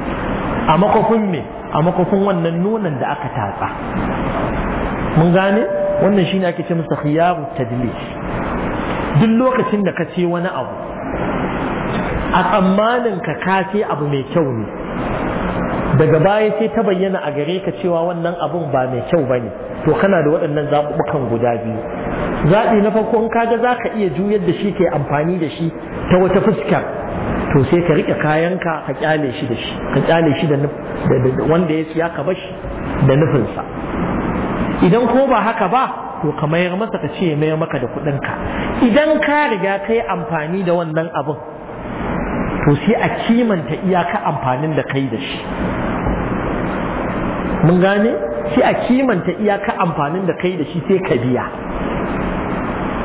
A: a makofin me a makofin wannan nonon da aka tatsa mun gane wannan shine ake ce masa khiyaru tadlis duk lokacin da ka ce wani abu a tsammanin ka ka ce abu mai kyau ne daga baya sai ta bayyana a gare ka cewa wannan abun ba mai kyau bane to kana da waɗannan zaɓuɓɓukan guda biyu zaɓi na farko in kaga za ka iya juyar da shi ke amfani da shi ta wata fuskar to sai ka riƙe kayanka ka kyale shi da shi ka kyale shi da wanda ya siya ka shi da nufinsa idan ko ba haka ba to ka mayar masa ka ce mayar maka da kuɗinka idan ka riga ka yi amfani da wannan abin to sai a kimanta iyaka amfanin da kai da shi mun gane shi a kimanta iyaka amfanin da kai da shi sai ka biya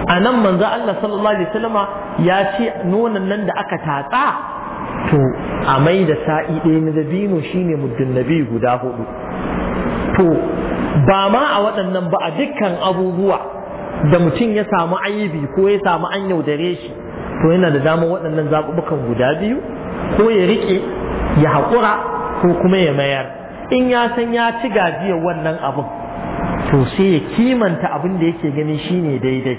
A: a nan manzo Allah sallallahu alaihi wasallam ya ce nonon nan da aka tatsa to a mai da sa'i ɗaya na dabino shine muddin nabi guda hudu to ba ma a waɗannan ba a dukkan abubuwa da mutum ya samu aibi ko ya samu an yaudare shi to yana da dama waɗannan zaɓuɓɓukan guda biyu ko ya riƙe ya haƙura ko kuma ya mayar in ya san ya ci gajiyar wannan abin to sai ya kimanta abin da yake gani shine daidai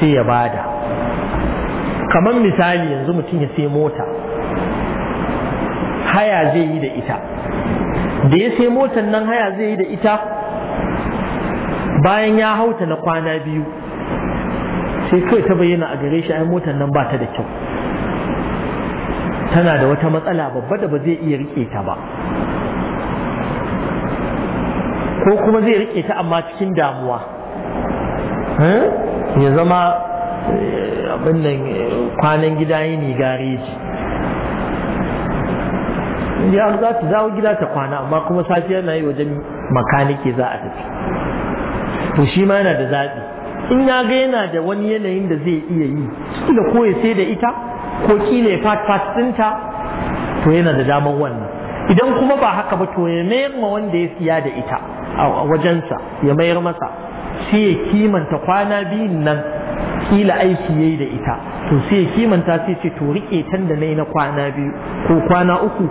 A: sai ya bada kamar misali yanzu mutum ya sai mota haya zai yi da ita da ya sai motar nan haya zai yi da ita bayan ya hauta na kwana biyu sai kai ta bayyana a gare shi ai motar nan ba ta da kyau tana da wata matsala babba da ba zai iya rike ta ba ko kuma zai rike ta amma cikin damuwa eh? ya zama eh, abin nan eh, kwanan gida yi ne gareji ya za ta zawo gida ta kwana amma kuma safiya na yi wajen makaniki za a tafi to shi ma yana da zaɓi in ya ga yana da wani yanayin da zai iya yi da ko ya sai da ita ko kila ya fat ɗinta to yana da damar wannan idan kuma ba haka ba to ya mayar ma wanda ya siya da ita a wajensa ya mayar masa sai ya kimanta kwana biyun nan kila aiki yayi da ita to sai ya kimanta sai ce to rike tan da nayi na kwana biyu ko kwana uku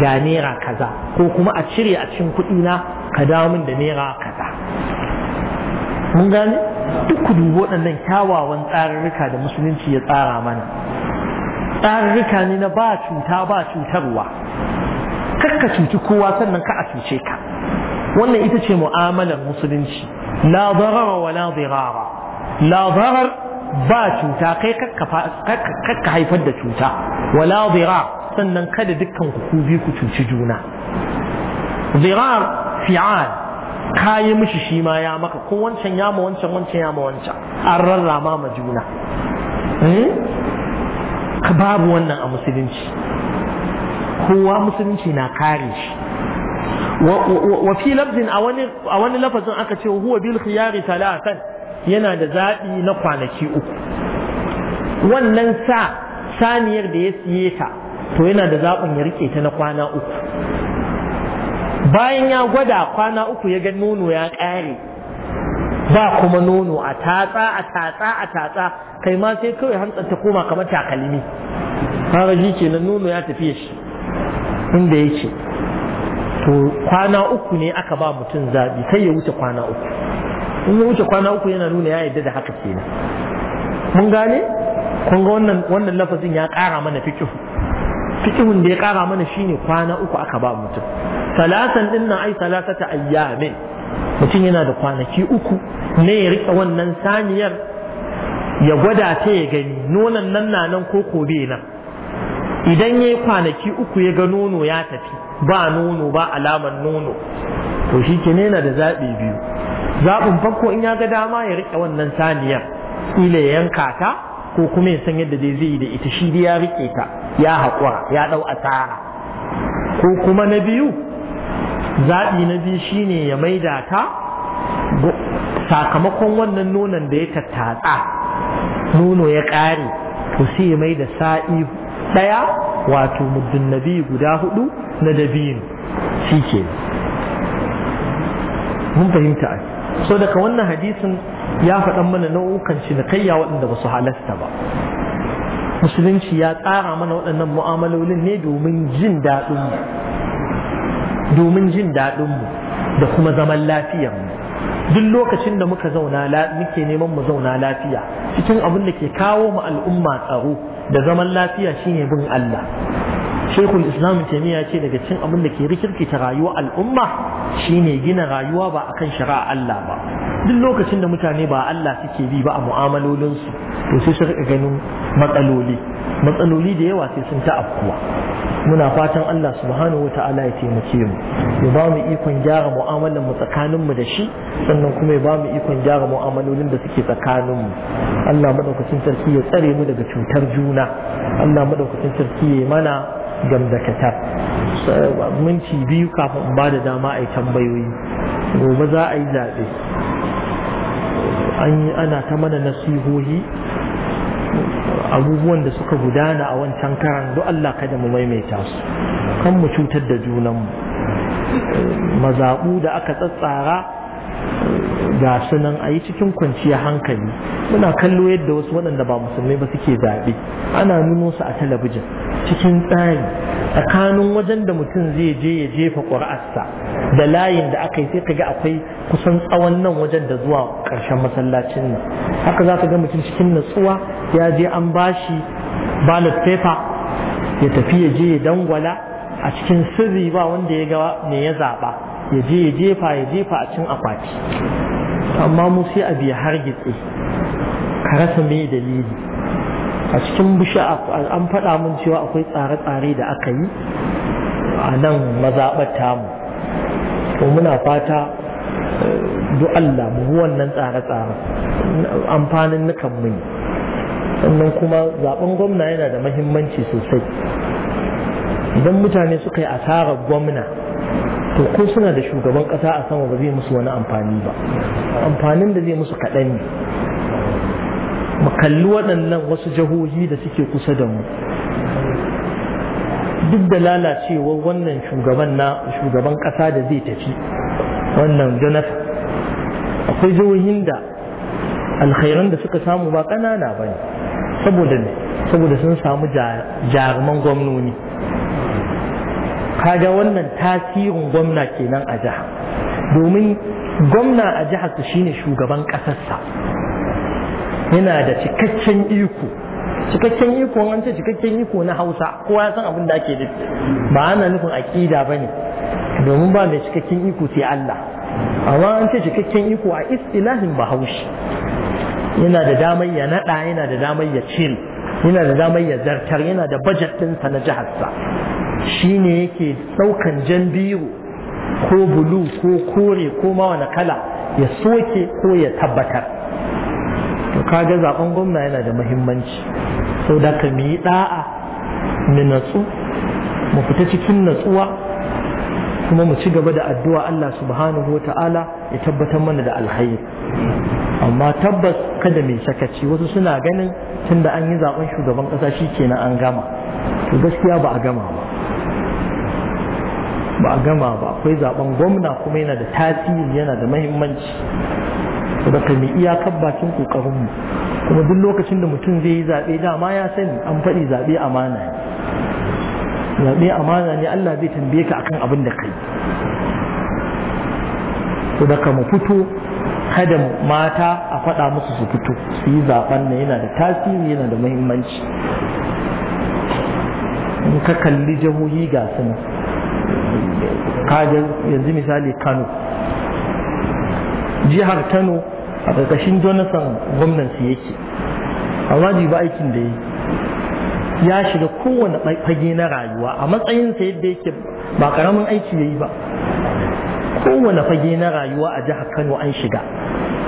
A: ga naira kaza ko kuma a cire a cikin kuɗi na ka dawo min da naira kaza mun gane duk ku dubi waɗannan kyawawan tsarurruka da musulunci ya tsara mana tsarurruka ne na ba cuta ba cutarwa kakka cuci kowa sannan ka a cuce ka wannan ita ce mu'amalar musulunci la darara wa la dirara la ba cuta kai kakka haifar da cuta wa la dirar sannan kada dukkan ku ku cuci juna dirar fi'al kayi mishi shi ma ya maka ko wancan ya ma wancan wancan ya ma wancan an rarrama ma juna hmm? babu wannan a musulunci kowa musulunci na kare shi wa fi lafzin a wani lafazin aka ce huwa bil khiyari talatan yana da zaɓi na kwanaki uku wannan sa saniyar da ya siye ta to yana da zaɓin ya rike ta na kwana uku bayan ya gwada kwana uku ya ga nono ya ƙare ba kuma nono a tatsa a tatsa a tatsa kai ma sai kawai hantsa ta koma kamar takalmi har ji kenan nono ya tafiye shi inda yake to kwana uku ne aka ba mutum zaɓi sai ya wuce kwana uku in ya wuce kwana uku yana nuna ya yadda da haka kenan mun gane kun ga wannan wannan lafazin ya kara mana fikihu fikihun da ya kara mana shine kwana uku aka ba mutum salasan din nan ai salasata ayyamin mutum yana da kwanaki uku ne ya riƙe wannan saniyar ya gwada ta ya gani nonon nan na nan ko kobe nan idan ya yi kwanaki uku ya ga nono ya tafi ba nono ba alaman nono to shi ke nena da zaɓi biyu zaɓin farko in ya ga dama ya riƙe wannan saniyar ila ya yanka ta ko kuma ya san yadda zai yi da ita shi ya riƙe ta ya haƙura ya ɗau asara ko kuma na biyu zaɓi na biyu shine ya maida ta sakamakon wannan nonon da ya tattatsa nono ya ƙare to sai ya maida sa'i ɗaya wato muddin guda hudu na dabino shi ke mun fahimta ai so daga wannan hadisin ya faɗan mana nau'ukan cinikayya waɗanda ba su halasta ba musulunci ya tsara mana waɗannan mu'amalolin ne domin jin daɗinmu domin jin daɗinmu da kuma zaman lafiyarmu duk lokacin da muka zauna muke neman mu zauna lafiya cikin abin da ke kawo mu al'umma tsaro da zaman lafiya shine bin Allah Sheikhul islam taimiyya ce daga cin abin da ke rikirkita rayuwa al'umma shine gina rayuwa ba akan shari'a Allah ba duk lokacin da mutane ba Allah suke bi ba a mu'amalolinsu to sai su rika ganin matsaloli matsaloli da yawa sai sun ta afkuwa muna fatan Allah subhanahu wa ta'ala ya taimake mu ya ba mu ikon gyara mu'amalan mu tsakanin mu da shi sannan kuma ya ba mu ikon gyara mu'amalolin da suke tsakanin mu Allah madaukakin sarki ya tsare mu daga cutar juna Allah madaukakin sarki ya mana gamdakatar minti biyu kafin in ba da dama a yi tambayoyi gobe za a yi zaɓe an yi ana ta mana nasihohi abubuwan da suka gudana a wancan karan duk Allah kada mu maimaita su kan mu cutar da junan mu mazaɓu da aka tsatsara ga sunan a yi cikin kwanciyar hankali muna kallo yadda wasu waɗanda ba musulmai ba suke zaɓe ana nuno su a talabijin cikin tsari tsakanin wajen da mutum zai je ya jefa ƙuri'arsa da layin da aka yi sai kaga akwai kusan tsawon nan wajen da zuwa ƙarshen masallacin nan haka za ka ga mutum cikin natsuwa ya je an bashi ballot paper ya tafi ya je ya dangwala a cikin sirri ba wanda ya ga me ya zaɓa ya je ya jefa ya jefa a cikin akwati amma mu sai a biya gitse ka rasa me dalili a cikin bushe an faɗa mun cewa akwai tsare-tsare da aka yi a nan mazaɓar tamu to muna fata eh, duk Allah mu wannan tsare-tsare amfanin nukan mu ne sannan kuma zaben gwamna yana da mahimmanci sosai idan mutane suka yi asarar gwamna to ko suna da shugaban kasa a sama ba zai musu wani amfani ba amfanin da zai musu kaɗan ne mu kalli waɗannan wasu jihohi da suke kusa da mu duk da lalacewar wannan shugaban na shugaban kasa da zai tafi wannan jonathan akwai jihohin da alkhairan da suka samu ba kanana ba ne saboda sun samu jaruman gwamnoni kaga wannan tasirin gwamna kenan a jiha domin gwamna a jiha su shine shugaban kasarsa, yana da cikakken iko cikakken iko an ce cikakken iko na hausa kowa ya san abin da ake nufi ba ana nufin aƙida ba ne domin ba mai cikakken iko sai Allah amma an ce cikakken iko a istilahin bahaushe yana da damar ya naɗa yana da damar ya cin yana da damar ya zartar yana da bajet ɗinsa na jiharsa shi ne yake ɗaukan jan biro ko bulu ko kore ko ma wani kala ya soke ko ya tabbatar Ka ga zaben gwamna yana da mahimmanci, sau da ka yi da'a mu natsu mu fita cikin natsuwa kuma mu ci gaba da addu'a Allah subhanahu wa ta'ala ya tabbatar mana da alhairi amma tabbas kada mai sakaci wasu suna ganin tun da an yi zaben shugaban kasa kenan an gama to gaskiya ba a gama ba ba a gama ba akwai zaben gwamna kuma yana da tasiri yana da mahimmanci saboda mai iyakan bakin kokarinmu kuma duk lokacin da mutum zai yi zaɓe dama ya sani an faɗi zaɓe amana ne zaɓe amana ne Allah zai tambaye ka akan abin da kai saboda ka mu fito kada mata a faɗa musu su fito su yi zaɓen nan yana da tasiri yana da muhimmanci in ka kalli jihohi ga su kaga yanzu misali kano jihar kano a ƙarƙashin jonathan gwamnati yake amma ba aikin da ya ya shiga kowane fage na rayuwa a matsayinsa yadda yake ba ƙaramin aiki ya yi ba kowane fage na rayuwa a jihar kano an shiga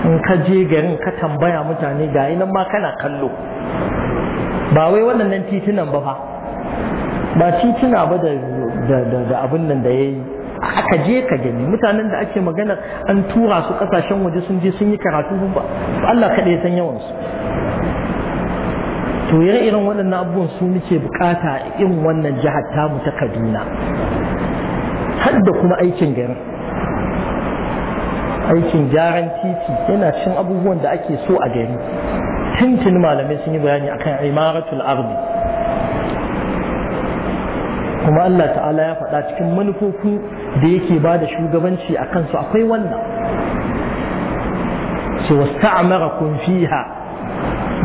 A: in ka je garin ka tambaya mutane ga nan ma kana kallo ba wai waɗannan titunan ba ba tituna ba da abin nan da ya yi aka je ka gani mutanen da ake magana an tura su kasashen waje sun je sun yi karatu ba Allah kaɗai san yawansu to yi irin waɗannan abubuwan su muke bukata irin wannan jihar tamu ta Kaduna har da kuma aikin gari. aikin gyaran titi yana cin abubuwan da ake so a gari tuntun malamai sun yi bayani akan imaratul ardi kuma Allah ta'ala ya faɗa cikin manufofin da yake ba da shugabanci a kansu akwai wannan ce kun fiha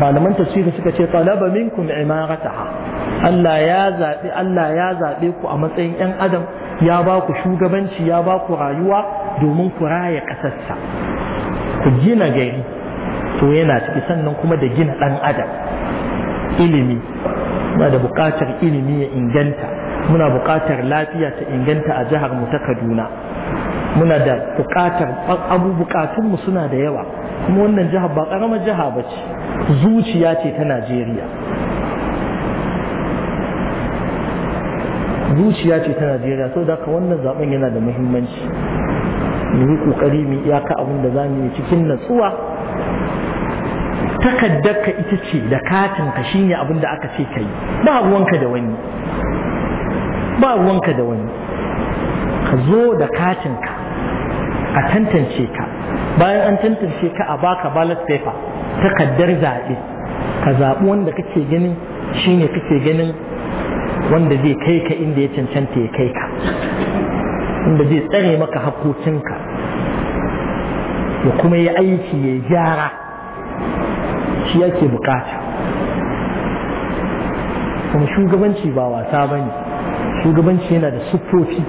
A: malaman tafsiri suka ce talaba minkum imarataha Allah ya zaɓe Allah ya zaɓe ku a matsayin ƴan adam ya ba ku shugabanci ya ba ku rayuwa domin ku raya ƙasarsa ku gina gari to yana ciki sannan kuma da gina ɗan adam ilimi na da buƙatar ilimi ya inganta muna buƙatar lafiya ta inganta a jihar mu ta Kaduna muna da buƙatar abu buƙatun mu suna da yawa kuma wannan jihar ba ƙaramar jiha ba ce zuciya ce ta Najeriya zuciya ce ta Najeriya saboda haka wannan zaben yana da muhimmanci mu yi kokari mu iyaka abin da zamu yi cikin natsuwa takaddaka ita ce da katin ka shine abin da aka ce kai ba ruwanka da wani ba ruwanka da wani ka zo da katinka a tantance ka bayan an tantance ka a baka ballot paper takardar zaɓe ka zaɓi wanda kake ganin shine kake ganin wanda zai kai ka inda ya cancanta ya kai ka inda zai tsare maka ka ya kuma yi aiki ya gyara shi yake bukata kuma shugabanci ba wasa bane shugabanci yana da siffofi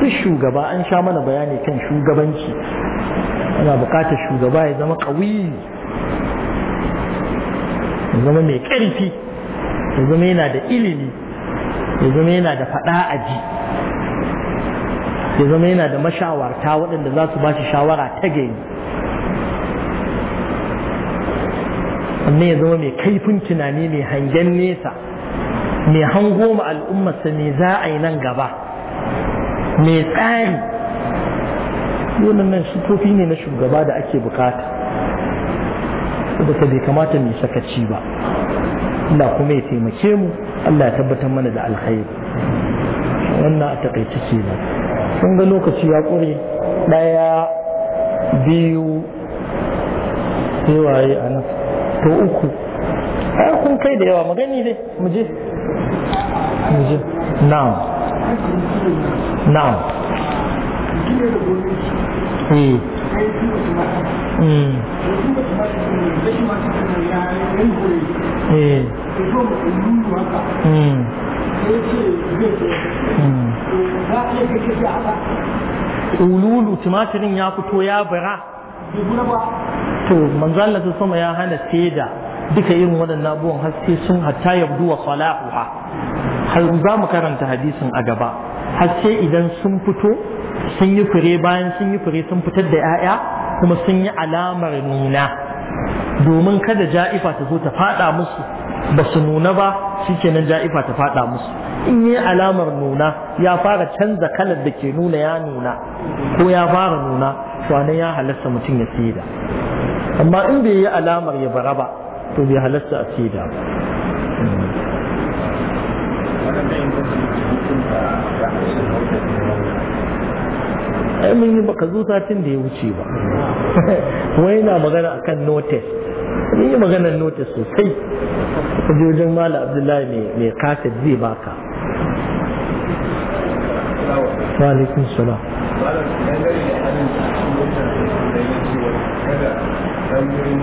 A: duk shugaba an sha mana bayani kan shugabanci ana buƙatar shugaba ya zama ƙawi ya zama mai ƙarfi ya zama yana da ilimi ya zama yana da faɗa aji ya zama yana da mashawarta waɗanda za su ba shi shawara ta gani amma ya zama mai kaifin tunani mai hangen nesa mai hango ma al'ummarsa me za a yi nan gaba Me tsari yonan nan sufofi ne na shugaba da ake bukata saboda bai kamata mai sakaci ba Allah kuma ya taimake mu Allah ya tabbatar mana da alkhairi wannan a takaice ce ba Sun ga lokaci ya ƙure ɗaya biyu sai waye a nan to uku kun kai da yawa magani dai mu je Hmm. Hmm. Hmm. ululu tumatirin ya fito ya bara to manzo Allah sama ya hana teda duka yin waɗannan abubuwan har sai sun hatta yabdu wa salahuha har za mu karanta hadisin a gaba har sai idan sun fito sun yi fure bayan sun yi fure sun fitar da 'ya'ya kuma sun yi alamar nuna domin kada ja'ifa ta zo ta fada musu ba su nuna ba shikenan ja'ifa ta fada musu in yi alamar nuna ya fara canza kalar da ke nuna ya nuna ko ya fara nuna to ya halasta mutum ya saida amma in bai yi alamar ya bara ba to bai halatta a ce da ai mun yi baka zo satin da ya wuce ba wai na magana akan notice mun yi maganar notice sosai wajen mala abdullahi mai kata zai baka alaikun salam
B: dangane da cikin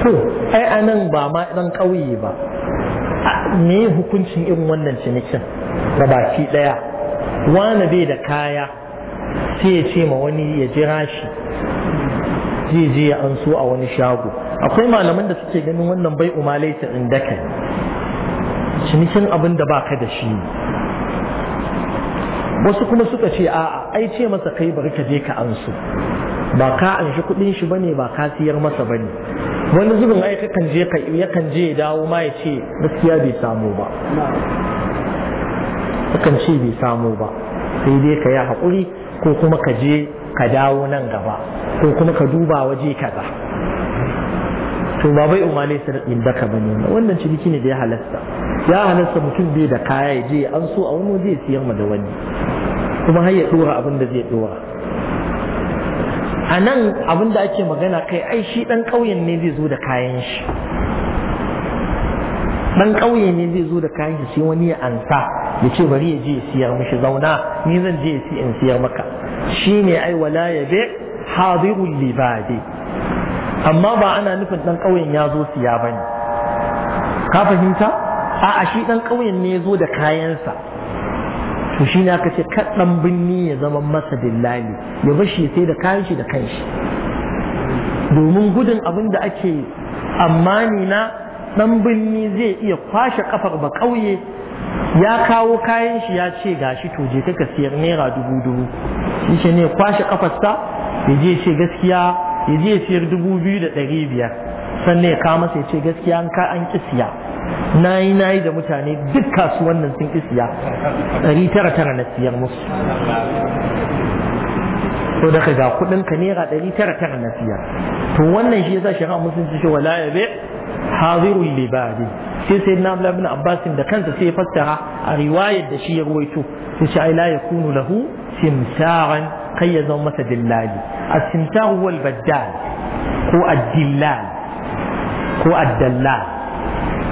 A: to ai anan ba ma ɗan ƙauye ba me hukuncin irin wannan cinikin da baki ɗaya wani bai da kaya sai ya ce ma wani ya jira shi zai je ya an so a wani shago akwai malaman da suke ganin wannan bai umalaita inda kai cinikin abin da baka da shi wasu kuma suka ce a'a ai ce masa kai bari ka je ka an so ba ka an shi kuɗin shi bane ba ka siyar masa bane wani zubin ai kakan je ka yakan je ya dawo ma ya ce gaskiya bai samu ba kakan ce bai samu ba sai dai ka yi haƙuri ko kuma ka je ka dawo nan gaba ko kuma ka duba waje kaza to ba bai umarni da daka ba ne wannan ciniki ne da ya halasta ya halasta mutum bai da kaya ya je an so a wani waje ya siyar ma da wani kuma har ya ɗora abin da zai ɗora a nan abin da ake magana kai ai shi ɗan ƙauyen ne zai zo da kayan shi ɗan ƙauye ne zai zo da kayan shi sai wani ya ansa ya ce bari ya je ya siyar mishi zauna ni zan je in siyar maka shi ne ai wala ya be hadirul libadi amma ba ana nufin ɗan ƙauyen ya zo siya ba ka fahimta a'a shi ɗan ƙauyen ne ya zo da kayansa to shi ne aka ce binni ya zama masa dillali ya bashi sai da kayan shi da kanshi domin gudun abin da ake amani na ɗan birni zai iya kwashe kafar ba ƙauye ya kawo kayan shi ya ce gashi to je ka siyar naira dubu dubu shi ce ne kwashe kafarsa ya je ce gaskiya ya je siyar dubu biyu da ɗari biyar sannan ya kawo masa ya ce gaskiya an ka an ƙi na yi na yi da mutane duk kasuwannin sun ƙi siya ɗari tara tara na siyar musu to daga ga kuɗin ka naira ɗari tara tara na siyar to wannan shi yasa shari'a musulunci ce wala ya be hazirul libadi sai sai na ibn abbas da kansa sai ya fassara a riwayar da shi ya ruwaito sai ce ai la yakunu lahu simsaran kai ya zama masa dillali as-simsaru wal baddal ko ad-dillal ko ad-dallal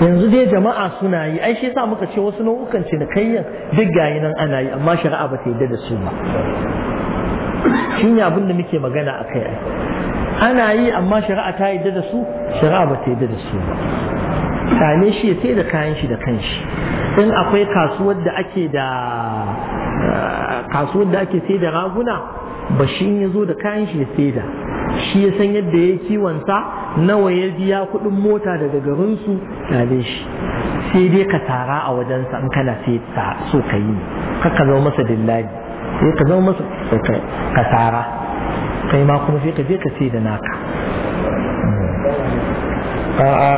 A: yanzu dai jama'a suna yi ai shi yasa muka ce wasu nau'ukan cinikayyan duk gayi nan ana yi amma shari'a ba ta yadda da su ba shi ne abin da muke magana a kai ana yi amma shari'a ta yadda da su shari'a ba ta yadda da su ba kane shi ya sai da kayan shi da kanshi in akwai kasuwar da ake da eh, kasuwar da ake sai da raguna ba shi ya zo da kayan shi ya sai da shi ya san yadda ya kiwonsa sa nawa ya biya kuɗin mota daga garin su dale shi sai dai ka tara a wajensa in kana sai so ka yi ka zama masa dillali sai ka zama masa ka tara kai ma kuma sai ka je ka sai da naka a'a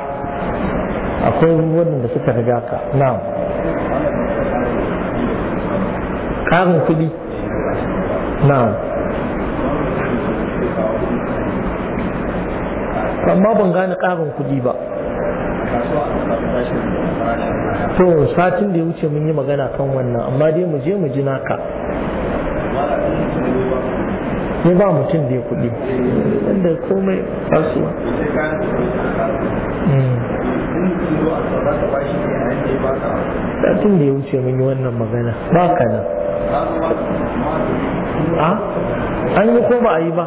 A: akwai wannan da suka riga ka na'am karin kuɗi na'am amma ban gane ƙarin kuɗi ba
B: to satin
A: da ya wuce mun yi magana kan wannan amma dai mu je mu ji naka ne ba mutum da ya kuɗi inda komai kasuwa
B: hmm. satin
A: da ya wuce mun yi wannan magana ba ka nan ah? an yi ko ba a yi ba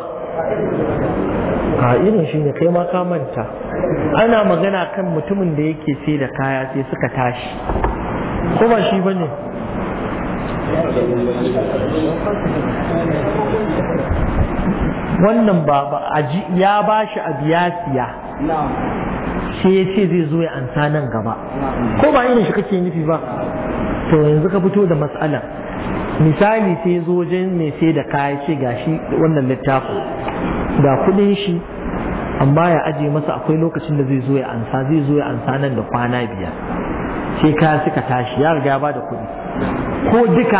A: a irin shi ne kai ma ka manta ana magana kan mutumin da yake sai da kaya sai suka tashi ko ba shi bane wannan ba ya ba shi a ya siya sai ya ce zai zo ya ansa nan gaba ko ba irin shi kake nufi ba to yanzu ka fito da matsala misali sai zo wajen mai sai da kaya ce gashi wannan littafin Da kudin shi amma ya aje masa akwai lokacin da zai zo ya ansa zai zo ya ansa nan da kwana biyar sai ka suka tashi ya riga ya bada kuɗi ko duka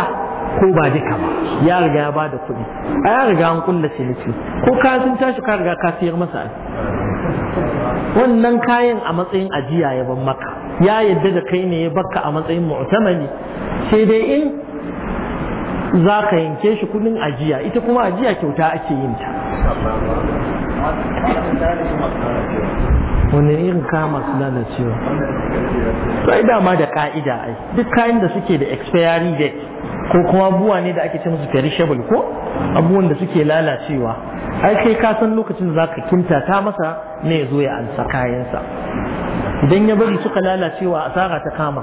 A: ko ba duka ba ya riga ya bada kuɗi a ya riga an kulla ko ka sun tashi ka riga ka siyar masa wannan kayan a matsayin ajiya ya ban maka ya yadda da kai ne ya bakka a matsayin mu'tamali sai dai in za ka yanke shi kudin ajiya ita kuma ajiya kyauta ake yin ta wani irin kama su cewa sai dama da ka'ida ai duk kayan da suke da expiry date ko kuma abuwa ne da ake ce musu perishable ko abubuwan da suke lalacewa ai kai ka san lokacin da za ka kinta ta masa ne zo ya ansa kayansa idan ya bari suka lalacewa asara ta kama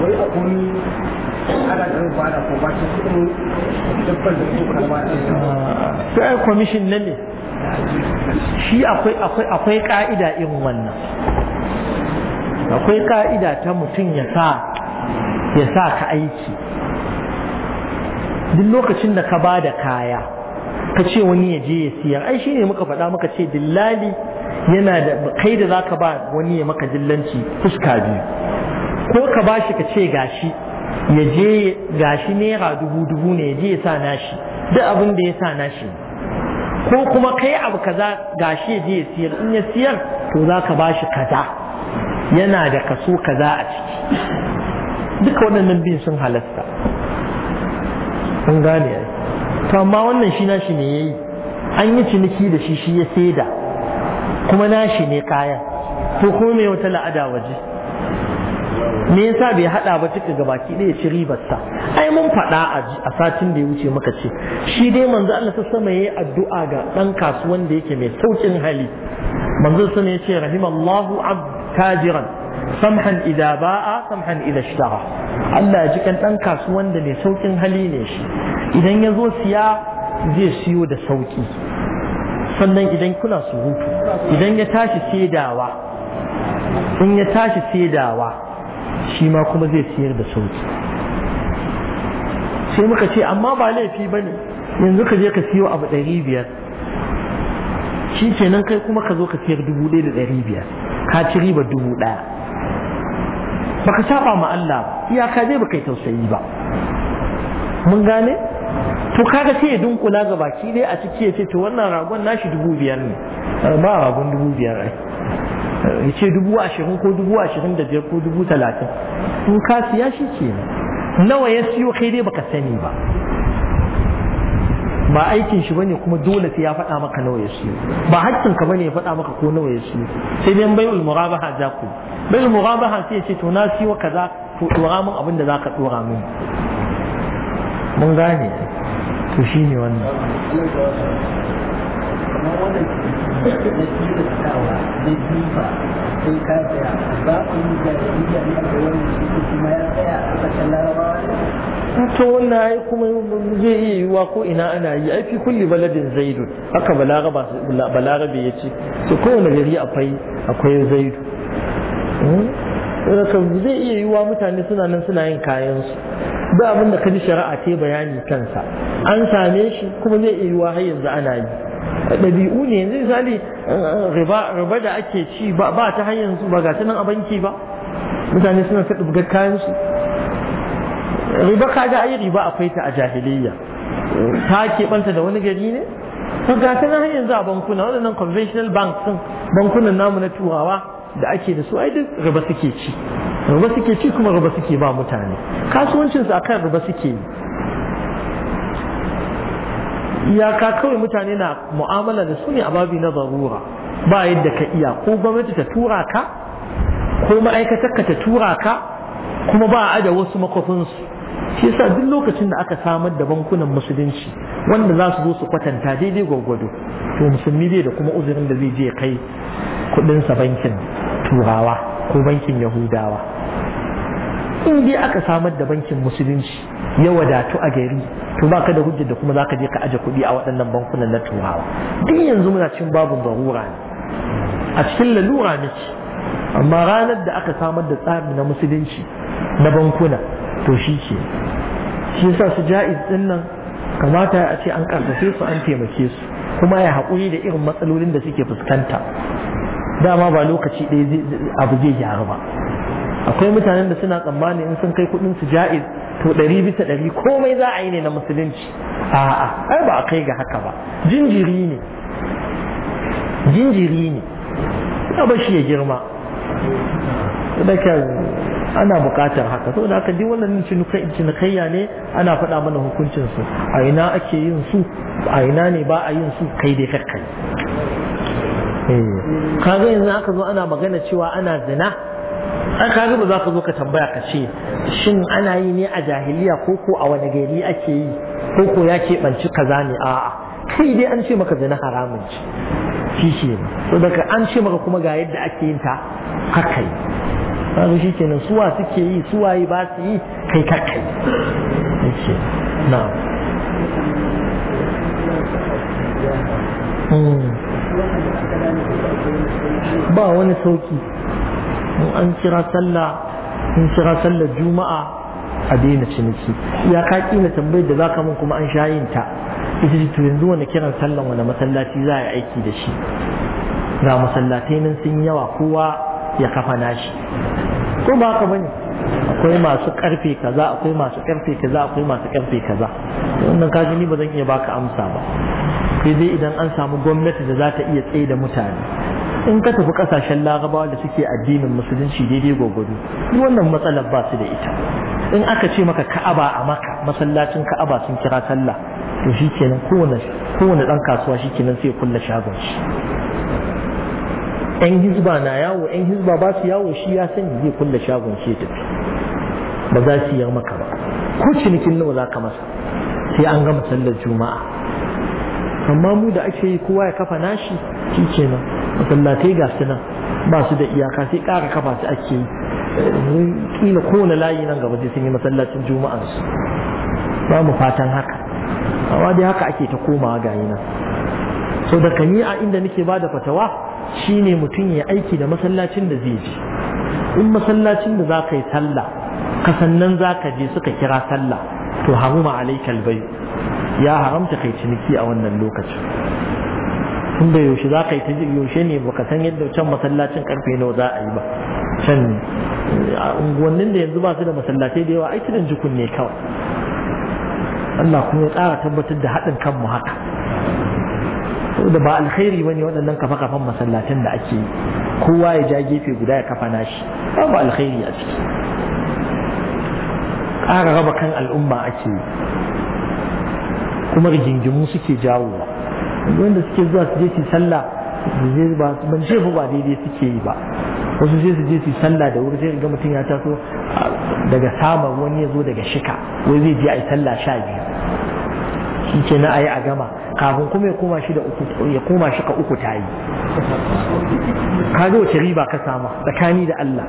B: wai a komi ana da ba da ko
A: ba ta kudin dabbar da su karba ta ai kwamishin na ne shi akwai akwai akwai ka'ida irin wannan akwai ka'ida ta mutum ya sa ya sa ka aiki duk lokacin da ka ba da kaya ka ce wani ya je ya siya ai shi ne muka faɗa muka ce dillali yana da kai da za ka ba wani ya maka dillanci fuska biyu ko ka bashi ka ce gashi ya je gashi naira dubu dubu ne ya je ya sa nashi duk abin da ya sa nashi ko kuma kai abu kaza gashi ya je ya siyar in ya siyar to za ka bashi kaza yana da kaso kaza a ciki duka waɗannan bin sun halasta an gane to amma wannan shi nashi ne ya yi, an yi ciniki da shi shi ya saida kuma nashi ne kayan to kuma mai wata la'ada waje me yasa bai hada ba cika duka gabaki ɗaya ci ribarsa ai mun faɗa a satin da ya wuce muka ce shi dai manzo Allah ta sama yayi addu'a ga dan kasuwan da yake mai saukin hali manzo sun ya ce rahimallahu abd tajiran samhan idza ba'a samhan idza ishtara Allah ya ji kan dan kasuwan da mai saukin hali ne shi idan ya zo siya zai siyo da sauki sannan idan kuna surutu idan ya tashi sedawa in ya tashi sedawa shi ma kuma zai siyar da sauki sai muka ce amma ba laifi ba ne yanzu ka je ka siyo abu ɗari biyar shi ce nan kai kuma ka zo ka siyar dubu ɗaya da ɗari biyar ka ci riba dubu ɗaya baka saba ma Allah ba iyaka dai baka yi tausayi ba mun gane to kaga sai ya dunkula ga baki dai a ciki ya ce to wannan ragon nashi dubu biyar ne ba ragon dubu biyar ai ya ce dubu ashirin ko dubu ashirin da biyar ko dubu talatin in ka siya shi ke nawa ya siyo kai dai baka sani ba ba aikin shi bane kuma dole sai ya faɗa maka nawa ya siyo ba hakkin ka bane ya faɗa maka ko nawa ya siyo sai dai bai ulmurabaha za ku bai ulmurabaha sai ya ce to na siyo kaza to dora min abin da zaka dora min mun gane to shine wannan
B: da tilasta da jifa sun ka tsaya ba ku yi jahiliya ne a wani kuma ya tsaya a ƙasashen larabawa
A: ne to wannan ai kuma zai iya yiwuwa ko ina ana yi ai fi kulli baladin zaidu haka balarabe ya ce to kowane gari akwai akwai zaidu hmm? daga zai iya yiwuwa mutane suna nan suna yin kayansu ba abin da ka ji shari'a ta bayani kansa an same shi kuma zai iya yiwuwa har yanzu ana yi ɗabi'u ne yanzu misali riba da ake ci ba ta hanyar ba ga nan a banki ba mutane suna ka ɗubgar kayan su riba ga ayi riba akwai ta a jahiliyya ta keɓanta da wani gari ne to ga ta nan za a bankuna waɗannan conventional bank ɗin bankunan namu na turawa da ake da su ai duk riba suke ci riba suke ci kuma riba suke ba mutane kasuwancinsu akan riba suke yi iyaka kawai mutane na mu'amala da su ne a babi na zarura ba yadda ka iya ko gwamnati ta tura ka ko ma'aikatarka ta tura ka kuma ba a da wasu makwafinsu shi yasa duk lokacin da aka samar da bankunan musulunci wanda za su zo su kwatanta daidai gwargwado to musulmi zai da kuma uzurin da zai je kai kudinsa bankin turawa ko bankin yahudawa in dai aka samar da bankin musulunci ya wadatu a gari to baka da hujjar da kuma zaka je ka aje kuɗi a waɗannan bankunan na turawa duk yanzu muna cin babu barura ne a cikin lalura ce. amma ranar da aka samar da tsari na musulunci na bankuna to shi ke shi yasa su ja'iz din nan kamata a ce an karfafe su an taimake su kuma ya haƙuri da irin matsalolin da suke fuskanta dama ba lokaci ɗaya abu zai gyaru ba akwai mutanen da suna tsammani in sun kai kuɗin su ja'iz to ɗari bisa ɗari komai za a yi ne na musulunci a'a ai ba a kai ga haka ba jinjiri ne jinjiri ne ba shi ya girma ana bukatar haka so da haka duk wannan cinikayya ne ana faɗa mana hukuncin su a ina ake yin su a ina ne ba a yin su kai dai kakkai kaga eh. yanzu aka zo ana magana cewa ana zina an ka ba za ka zo ka tambaya ka ce shin ana yi ne a jahiliya ko ko a wani gari ake yi ko ko ya keɓanci kaza ne a'a kai dai an ce maka zina haramun ci shi ke so daga an ce maka kuma ga yadda ake yin ta haka yi kaga shi kenan suwa suke yi yi ba su yi kai kakka yi na ba wani sauki in an kira sallah in kira sallar juma'a a daina ciniki ya ka kila tambayar da zaka mun kuma an sha yin ta ita ce to yanzu wani kiran sallan wani masallaci za a aiki da shi ga masallatai nan sun yawa kowa ya kafa nashi ko ba ka bane akwai masu karfe kaza akwai masu karfe kaza akwai masu karfe kaza wannan ka ni ba zan iya baka amsa ba sai dai idan an samu gwamnati da za ta iya tsaye da mutane in ka tafi kasashen larabawa da suke addinin musulunci daidai gwagwado duk wannan matsalar ba su da ita in aka ce maka ka'aba a maka masallacin ka'aba sun kira sallah to shi kenan kowane dan kasuwa shi kenan sai kulla shagon shi yan hizba na yawo yan hizba ba su yawo shi ya sani zai kulla shagon shi tafi ba za su yi maka ba ko cinikin nawa za ka masa sai an gama sallar juma'a amma mu da ake yi kowa ya kafa nashi shi kenan masallatai ga su nan ba su da iyaka sai ƙara kafa su ake yi kila kowane layi nan gaba zai sun yi masallacin su ba mu fatan haka amma dai haka ake ta komawa ga yi nan so da kan yi a inda nake ba da fatawa shine mutum ya aiki da masallacin da zai ji in masallacin da za ka yi sallah ka sannan za ka je suka kira sallah to haruma alaikal bai ya haramta kai ciniki a wannan lokacin tun da yaushe za ka yi ta yaushe ne baka san yadda can masallacin karfe nawa za a yi ba can eh, unguwannin da yanzu ba su da masallatai da yawa ai tunan jikun ne kawai Allah kuma ya tsara tabbatar da haɗin kanmu haka da ba alkhairi ba ne waɗannan kafa-kafan masallacin da ake yi kowa ya ja gefe guda ya kafa nashi babu alkhairi a ciki ƙara raba kan al'umma ake kuma rigingimu suke jawowa wanda suke zuwa su je su sallah ban ce ba daidai suke yi ba wasu sai su je su sallah da wuri zai ga mutum ya taso ah, daga samar wani ya zo daga shika wai zai je a yi sallah sha biyu shi ke na ayi a gama kafin kuma ya koma shi da uku ya koma ka uku tayi ka ga wace riba ka sama tsakani da Allah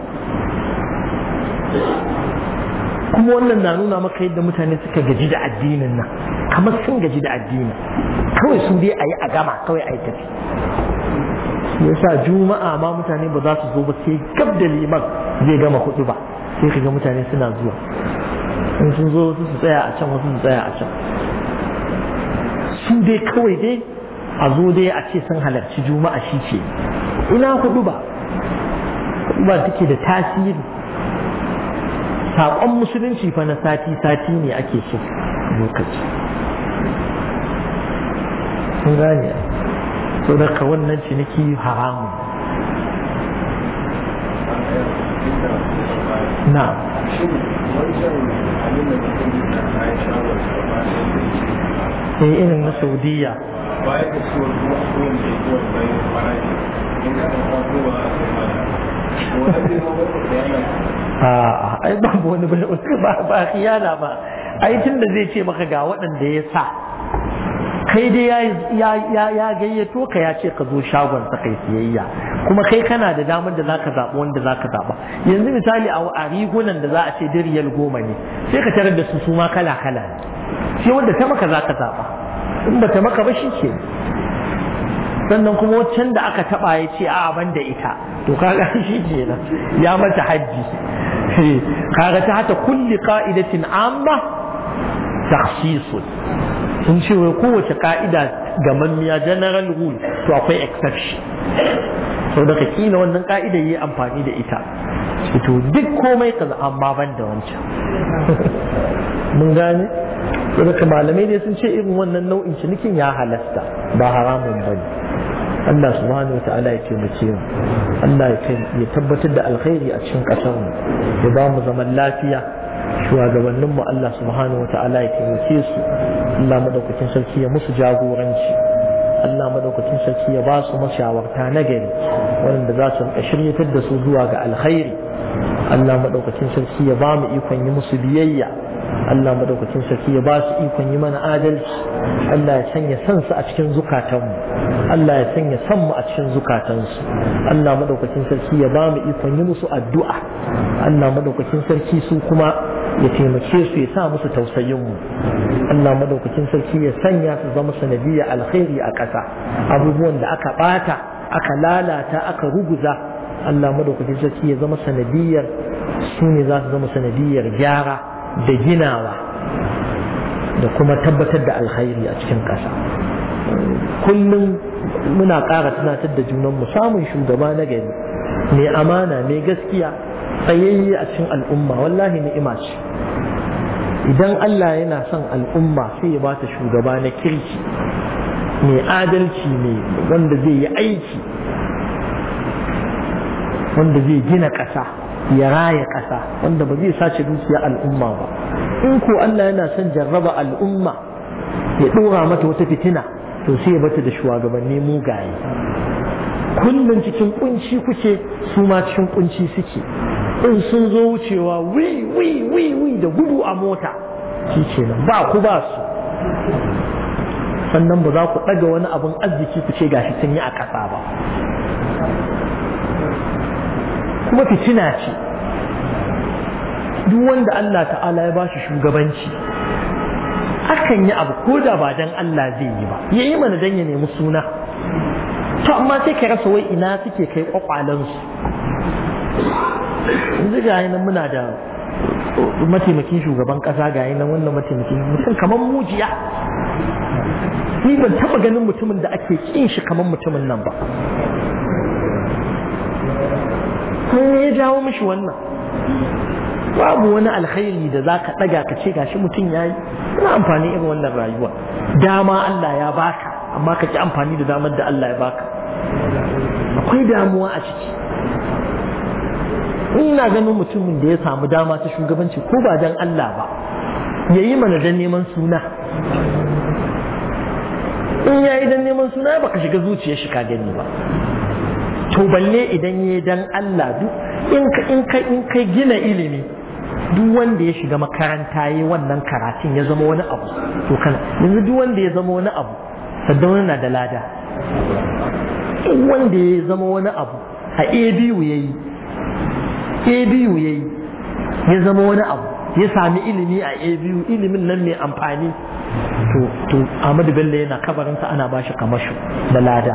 A: kuma wannan na nuna maka yadda mutane suka gaji da addinin nan kamar sun gaji da addinin, kawai su dai a yi a gama kawai a yi tafi yasa juma'a ma mutane ba za su zo ba sai gab da liman zai gama hudu ba sai ka ga mutane suna zuwa in sun zo wasu su tsaya a can wasu su tsaya a can su dai kawai dai a zo dai a ce sun halarci juma'a shi ce ina hudu ba hudu ba take da tasiri saƙon musulunci fa na sati-sati ne ake so lokaci sun gane so da ka wannan ciniki haramun na e eh, irin na saudiya a ah, ai babu wani ba ba khiyana ba ai tunda zai ce maka ga waɗanda ya sa kai dai ya gayyato ka ya ce ka zo shagon sa kai siyayya kuma kai kana da damar da zaka zaɓa wanda zaka zaɓa yanzu misali a rigunan da za a ce diriyal goma ne sai ka tarar da su su ma kala kala ne sai wanda ta maka zaka zaɓa in ba ta maka ba shi ke sannan kuma waccan da aka taba ya ce a ban da ita to kaga shi nan ya mata hajji kaga ta hata kulli qa'idatin amma takhsisun sun ce wai kowace ka'ida ga mamiya general rule to akwai exception sau daga kila wannan ka'ida yi amfani da ita to duk komai za amma ban da wancan mun gane saboda malamai ne sun ce irin wannan nau'in cinikin ya halasta ba haramun bane Allah subhanahu wata'ala ya taimake mu Allah ya tabbatar da alkhairi a cikin ƙasar mu ya ba mu zaman lafiya shugabannin mu Allah subhanahu wata'ala ya taimake su Allah madaukakin sarki ya musu jagoranci Allah madaukakin sarki ya ba su mashawarta na gari waɗanda za su shiryatar da su zuwa ga alkhairi Allah madaukakin sarki ya ba mu ikon yi musu biyayya Allah madaukakin sarki ya ba su ikon yi mana adalci Allah ya sanya san a cikin zukatanmu Allah ya sanya san mu a cikin zukatansu Allah madaukakin sarki ya ba mu ikon yi musu addu'a Allah madaukakin sarki su kuma ya taimake su ya sa musu tausayin mu Allah madaukakin sarki ya sanya su zama sanadiyya alkhairi a ƙasa abubuwan da aka bata aka lalata aka ruguza Allah madaukakin sarki ya zama sanadiyar su ne za su zama sanadiyar gyara da ginawa da kuma tabbatar da alkhairi a cikin ƙasa kullum muna ƙara tunatar da mu samun shugaba na gari mai amana mai gaskiya tsayayye a cikin al'umma wallahi ni'ima ce idan Allah yana son al'umma sai ya bata shugaba na kirki mai adalci ne wanda zai yi aiki wanda zai gina ƙasa ya raya ƙasa wanda ba zai sace dukiya al'umma ba in ko Allah yana son jarraba al'umma ya ɗora mata wata fitina to sai ya bata da shugabanni mugaye kullum cikin kunci kuke su ma cikin kunci suke in sun zo wucewa wi wi wi wi da gudu a mota
B: shi kenan ba ku ba
A: su sannan ba za ku ɗaga wani abin arziki ku ce gashi sun yi a ƙasa ba kuma fitina ce duk wanda Allah ta'ala ya ba shi shugabanci akan yi abu ko da ba dan Allah zai yi ba ya yi mana dan ya nemi suna to amma sai ka rasa wai ina suke kai kwakwalansu yanzu ga nan muna da mataimakin shugaban kasa ga nan wannan mataimakin mutum kamar mujiya ni ban taba ganin mutumin da ake kin shi kamar mutumin nan ba akwai ne ya jawo mishi wannan babu wani alkhairi da za ka ɗaga ka ce gashi mutum ya yi suna amfani irin wannan rayuwa dama Allah ya baka amma ka ki amfani da damar da Allah ya baka akwai damuwa a ciki ina ganin mutumin da ya samu dama ta shugabanci ko ba dan Allah ba ya yi mana dan neman suna in ya yi dan neman suna ba ka shiga zuciyar shi ka gani ba to balle idan ya dan Allah duk in ka in ka in ka gina ilimi duk wanda ya shiga makaranta ya wannan karatun ya zama wani abu to kana yanzu duk wanda ya zama wani abu sadda na da lada duk wanda ya zama wani abu a ABU yayi ABU yayi ya zama wani abu ya sami ilimi a ABU ilimin nan mai amfani to to Ahmadu Bello yana kabarinsa ana bashi kamasho da lada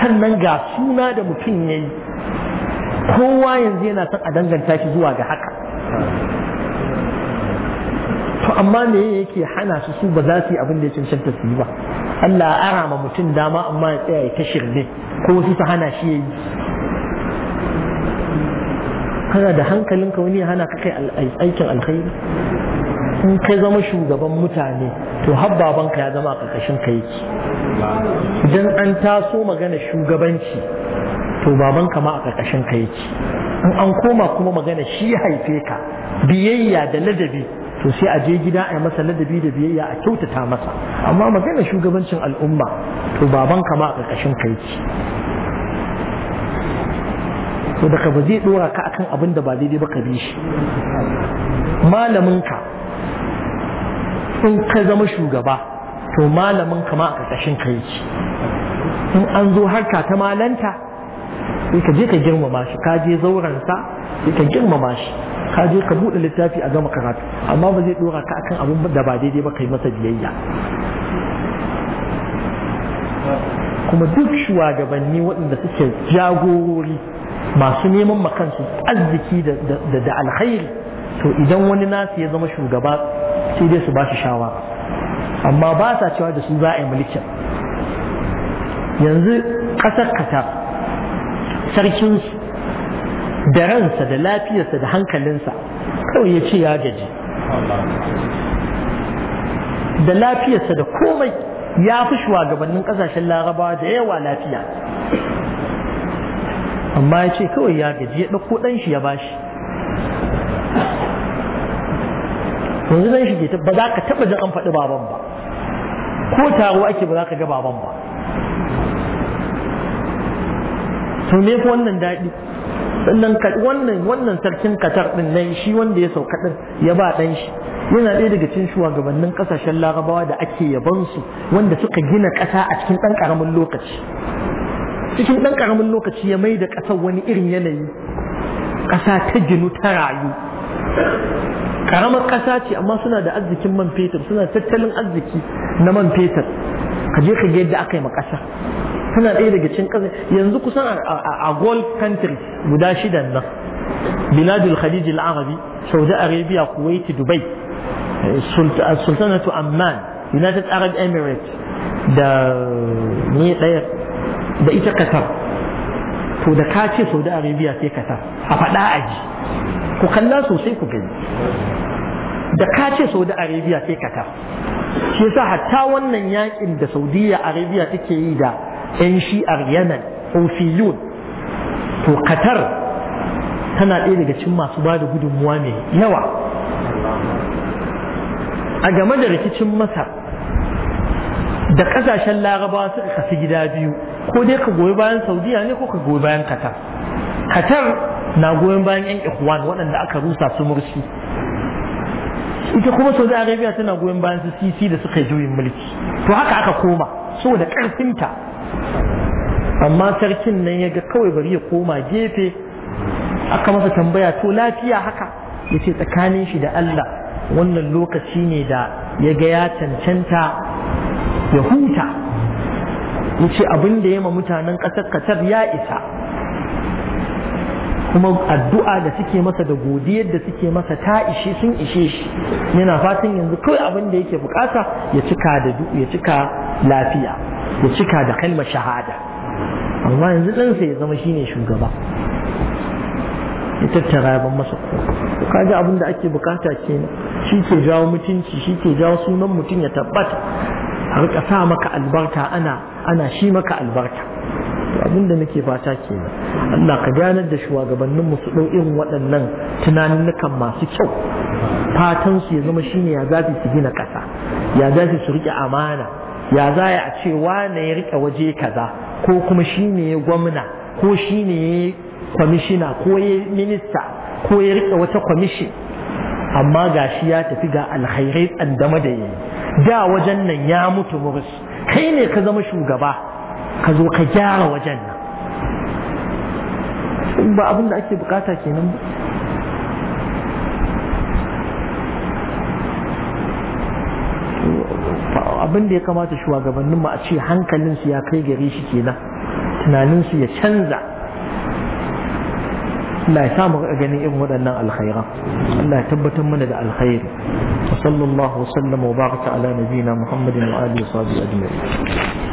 A: sannan ga suna da mutum ya yi kowa yanzu yana son a danganta shi zuwa ga haka to amma me yake hana su su ba za su yi abin da ya cancanta su yi ba Allah ara ma mutum dama amma ya tsaya ya ta shirme ko wasu su hana shi ya yi kana da hankalinka wani ya hana ka kai aikin alkhairi in ka zama shugaban mutane to habbabanka ya zama a ƙarƙashin ka yake idan an taso magana shugabanci to babanka ma a ƙarƙashin ka yake in an koma kuma magana shi haife ka biyayya da ladabi to sai a je gida a yi masa ladabi da biyayya a kyautata masa amma magana shugabancin al'umma to babanka ma a ƙarƙashin ka yake to daga ba zai ɗora ka akan abin da ba daidai ba ka bi shi malaminka in ka zama shugaba to malamin kama a ƙarƙashin ka yake in an zo harka ta malanta sai ka je ka girmama shi ka je zauransa sai ka girmama shi ka je ka buɗe littafi a gama karatu amma ba zai ɗora ka akan abin da ba daidai ba kai masa biyayya kuma duk shugabanni waɗanda suke jagorori masu neman makansu arziki da alkhairi to idan wani nasu ya zama shugaba sai dai su ba su shawara amma ba sa cewa da su za a yi mulkin yanzu ƙasar qatar sarkinsu da ransa da lafiyarsa da hankalinsa kawai ya ce ya gaji da lafiyarsa da komai ya fi shugabannin ƙasashen larabawa da yawa lafiya amma ya ce kawai ya gaji ya ɗauko ɗanshi ya bashi yanzu zan shige ba za ka taɓa jin an faɗi baban ba
B: ko taro ake ba za ka
A: ga baban ba to me fa wannan daɗi sannan wannan wannan sarkin katar din nan shi wanda ya sauka din ya ba dan shi yana ɗaya daga cikin shugabannin ƙasashen larabawa da ake yaban su wanda suka gina ƙasa a cikin ɗan ƙaramin lokaci cikin ɗan ƙaramin lokaci ya mai da ƙasar wani irin yanayi ƙasa ta ginu ta rayu karamar ƙasa ce amma suna da arzikin man fetur suna tattalin arziki na man fetur ka je ka ga yadda aka yi ma ƙasa suna ɗaya daga cikin ƙasa yanzu kusan a gold country guda shida nan biladul khadij al-arabi saudi arabia kuwait dubai sultanatu amman united arab emirates da ni ɗaya da ita qatar to da ka ce saudi arabia sai ka sa a faɗa a ji ku kalla sosai ku gani da ka ce saudi arabia sai ka sa shi yasa hatta wannan yakin da saudiya arabia take yi da yan shi'ar yanan ofiyun to qatar tana ɗaya daga cikin masu ba da gudunmuwa mai yawa a game da rikicin masar da ƙasashen larabawa suka kafi gida biyu ko dai ka goyi bayan saudiya ne ko ka goyi bayan qatar qatar na goyon bayan yan ikhwan waɗanda aka rusa su murshi ita kuma saudi arabia tana goyon bayan su sisi da suka juyin mulki to haka aka koma saboda ƙarfinta amma sarkin nan ya ga kawai bari ya koma gefe aka masa tambaya to lafiya haka ya ce tsakanin shi da Allah wannan lokaci ne da ya ga ya cancanta ya huta ya ce abin da ya ma mutanen ƙasar katar ya isa kuma addu'a da suke masa da godiyar da suke masa ta ishe sun ishe shi yana fatan yanzu kawai abin da yake bukata ya cika da ya cika lafiya ya cika da kalma shahada amma yanzu ɗansa ya zama shine shugaba ya tattara ya ban masa kaji abin da ake bukata kenan shi ke jawo mutunci shi ke jawo sunan mutum ya tabbata a rika sa maka albarka ana ana shi maka albarka abinda nake fata ke Allah ka ganar da shugabannin mu su dau irin waɗannan nukan masu kyau fatan su ya zama shine ya zafi su gina ƙasa ya zafi su rike amana ya zaya a ce wane ya rike waje kaza ko kuma shine ya gwamna ko shine ya kwamishina ko ya minista ko ya rike wata kwamishin amma gashi ya tafi ga alkhairai tsandama da yayi da wajen nan ya mutu murus kai ne ka zama shugaba ka zo ka gyara wajen nan ba abin da ake bukata kenan ba abin da ya kamata shugabanninmu a ce hankalinsu ya kai gare shi kenan tunaninsu ya canza Allah ya samu ganin irin waɗannan alkhaira Allah ya tabbatar mana da alkhairi wa sallallahu wa sallama wa baraka ala nabiyyina Muhammadin wa alihi wa sahbihi ajma'in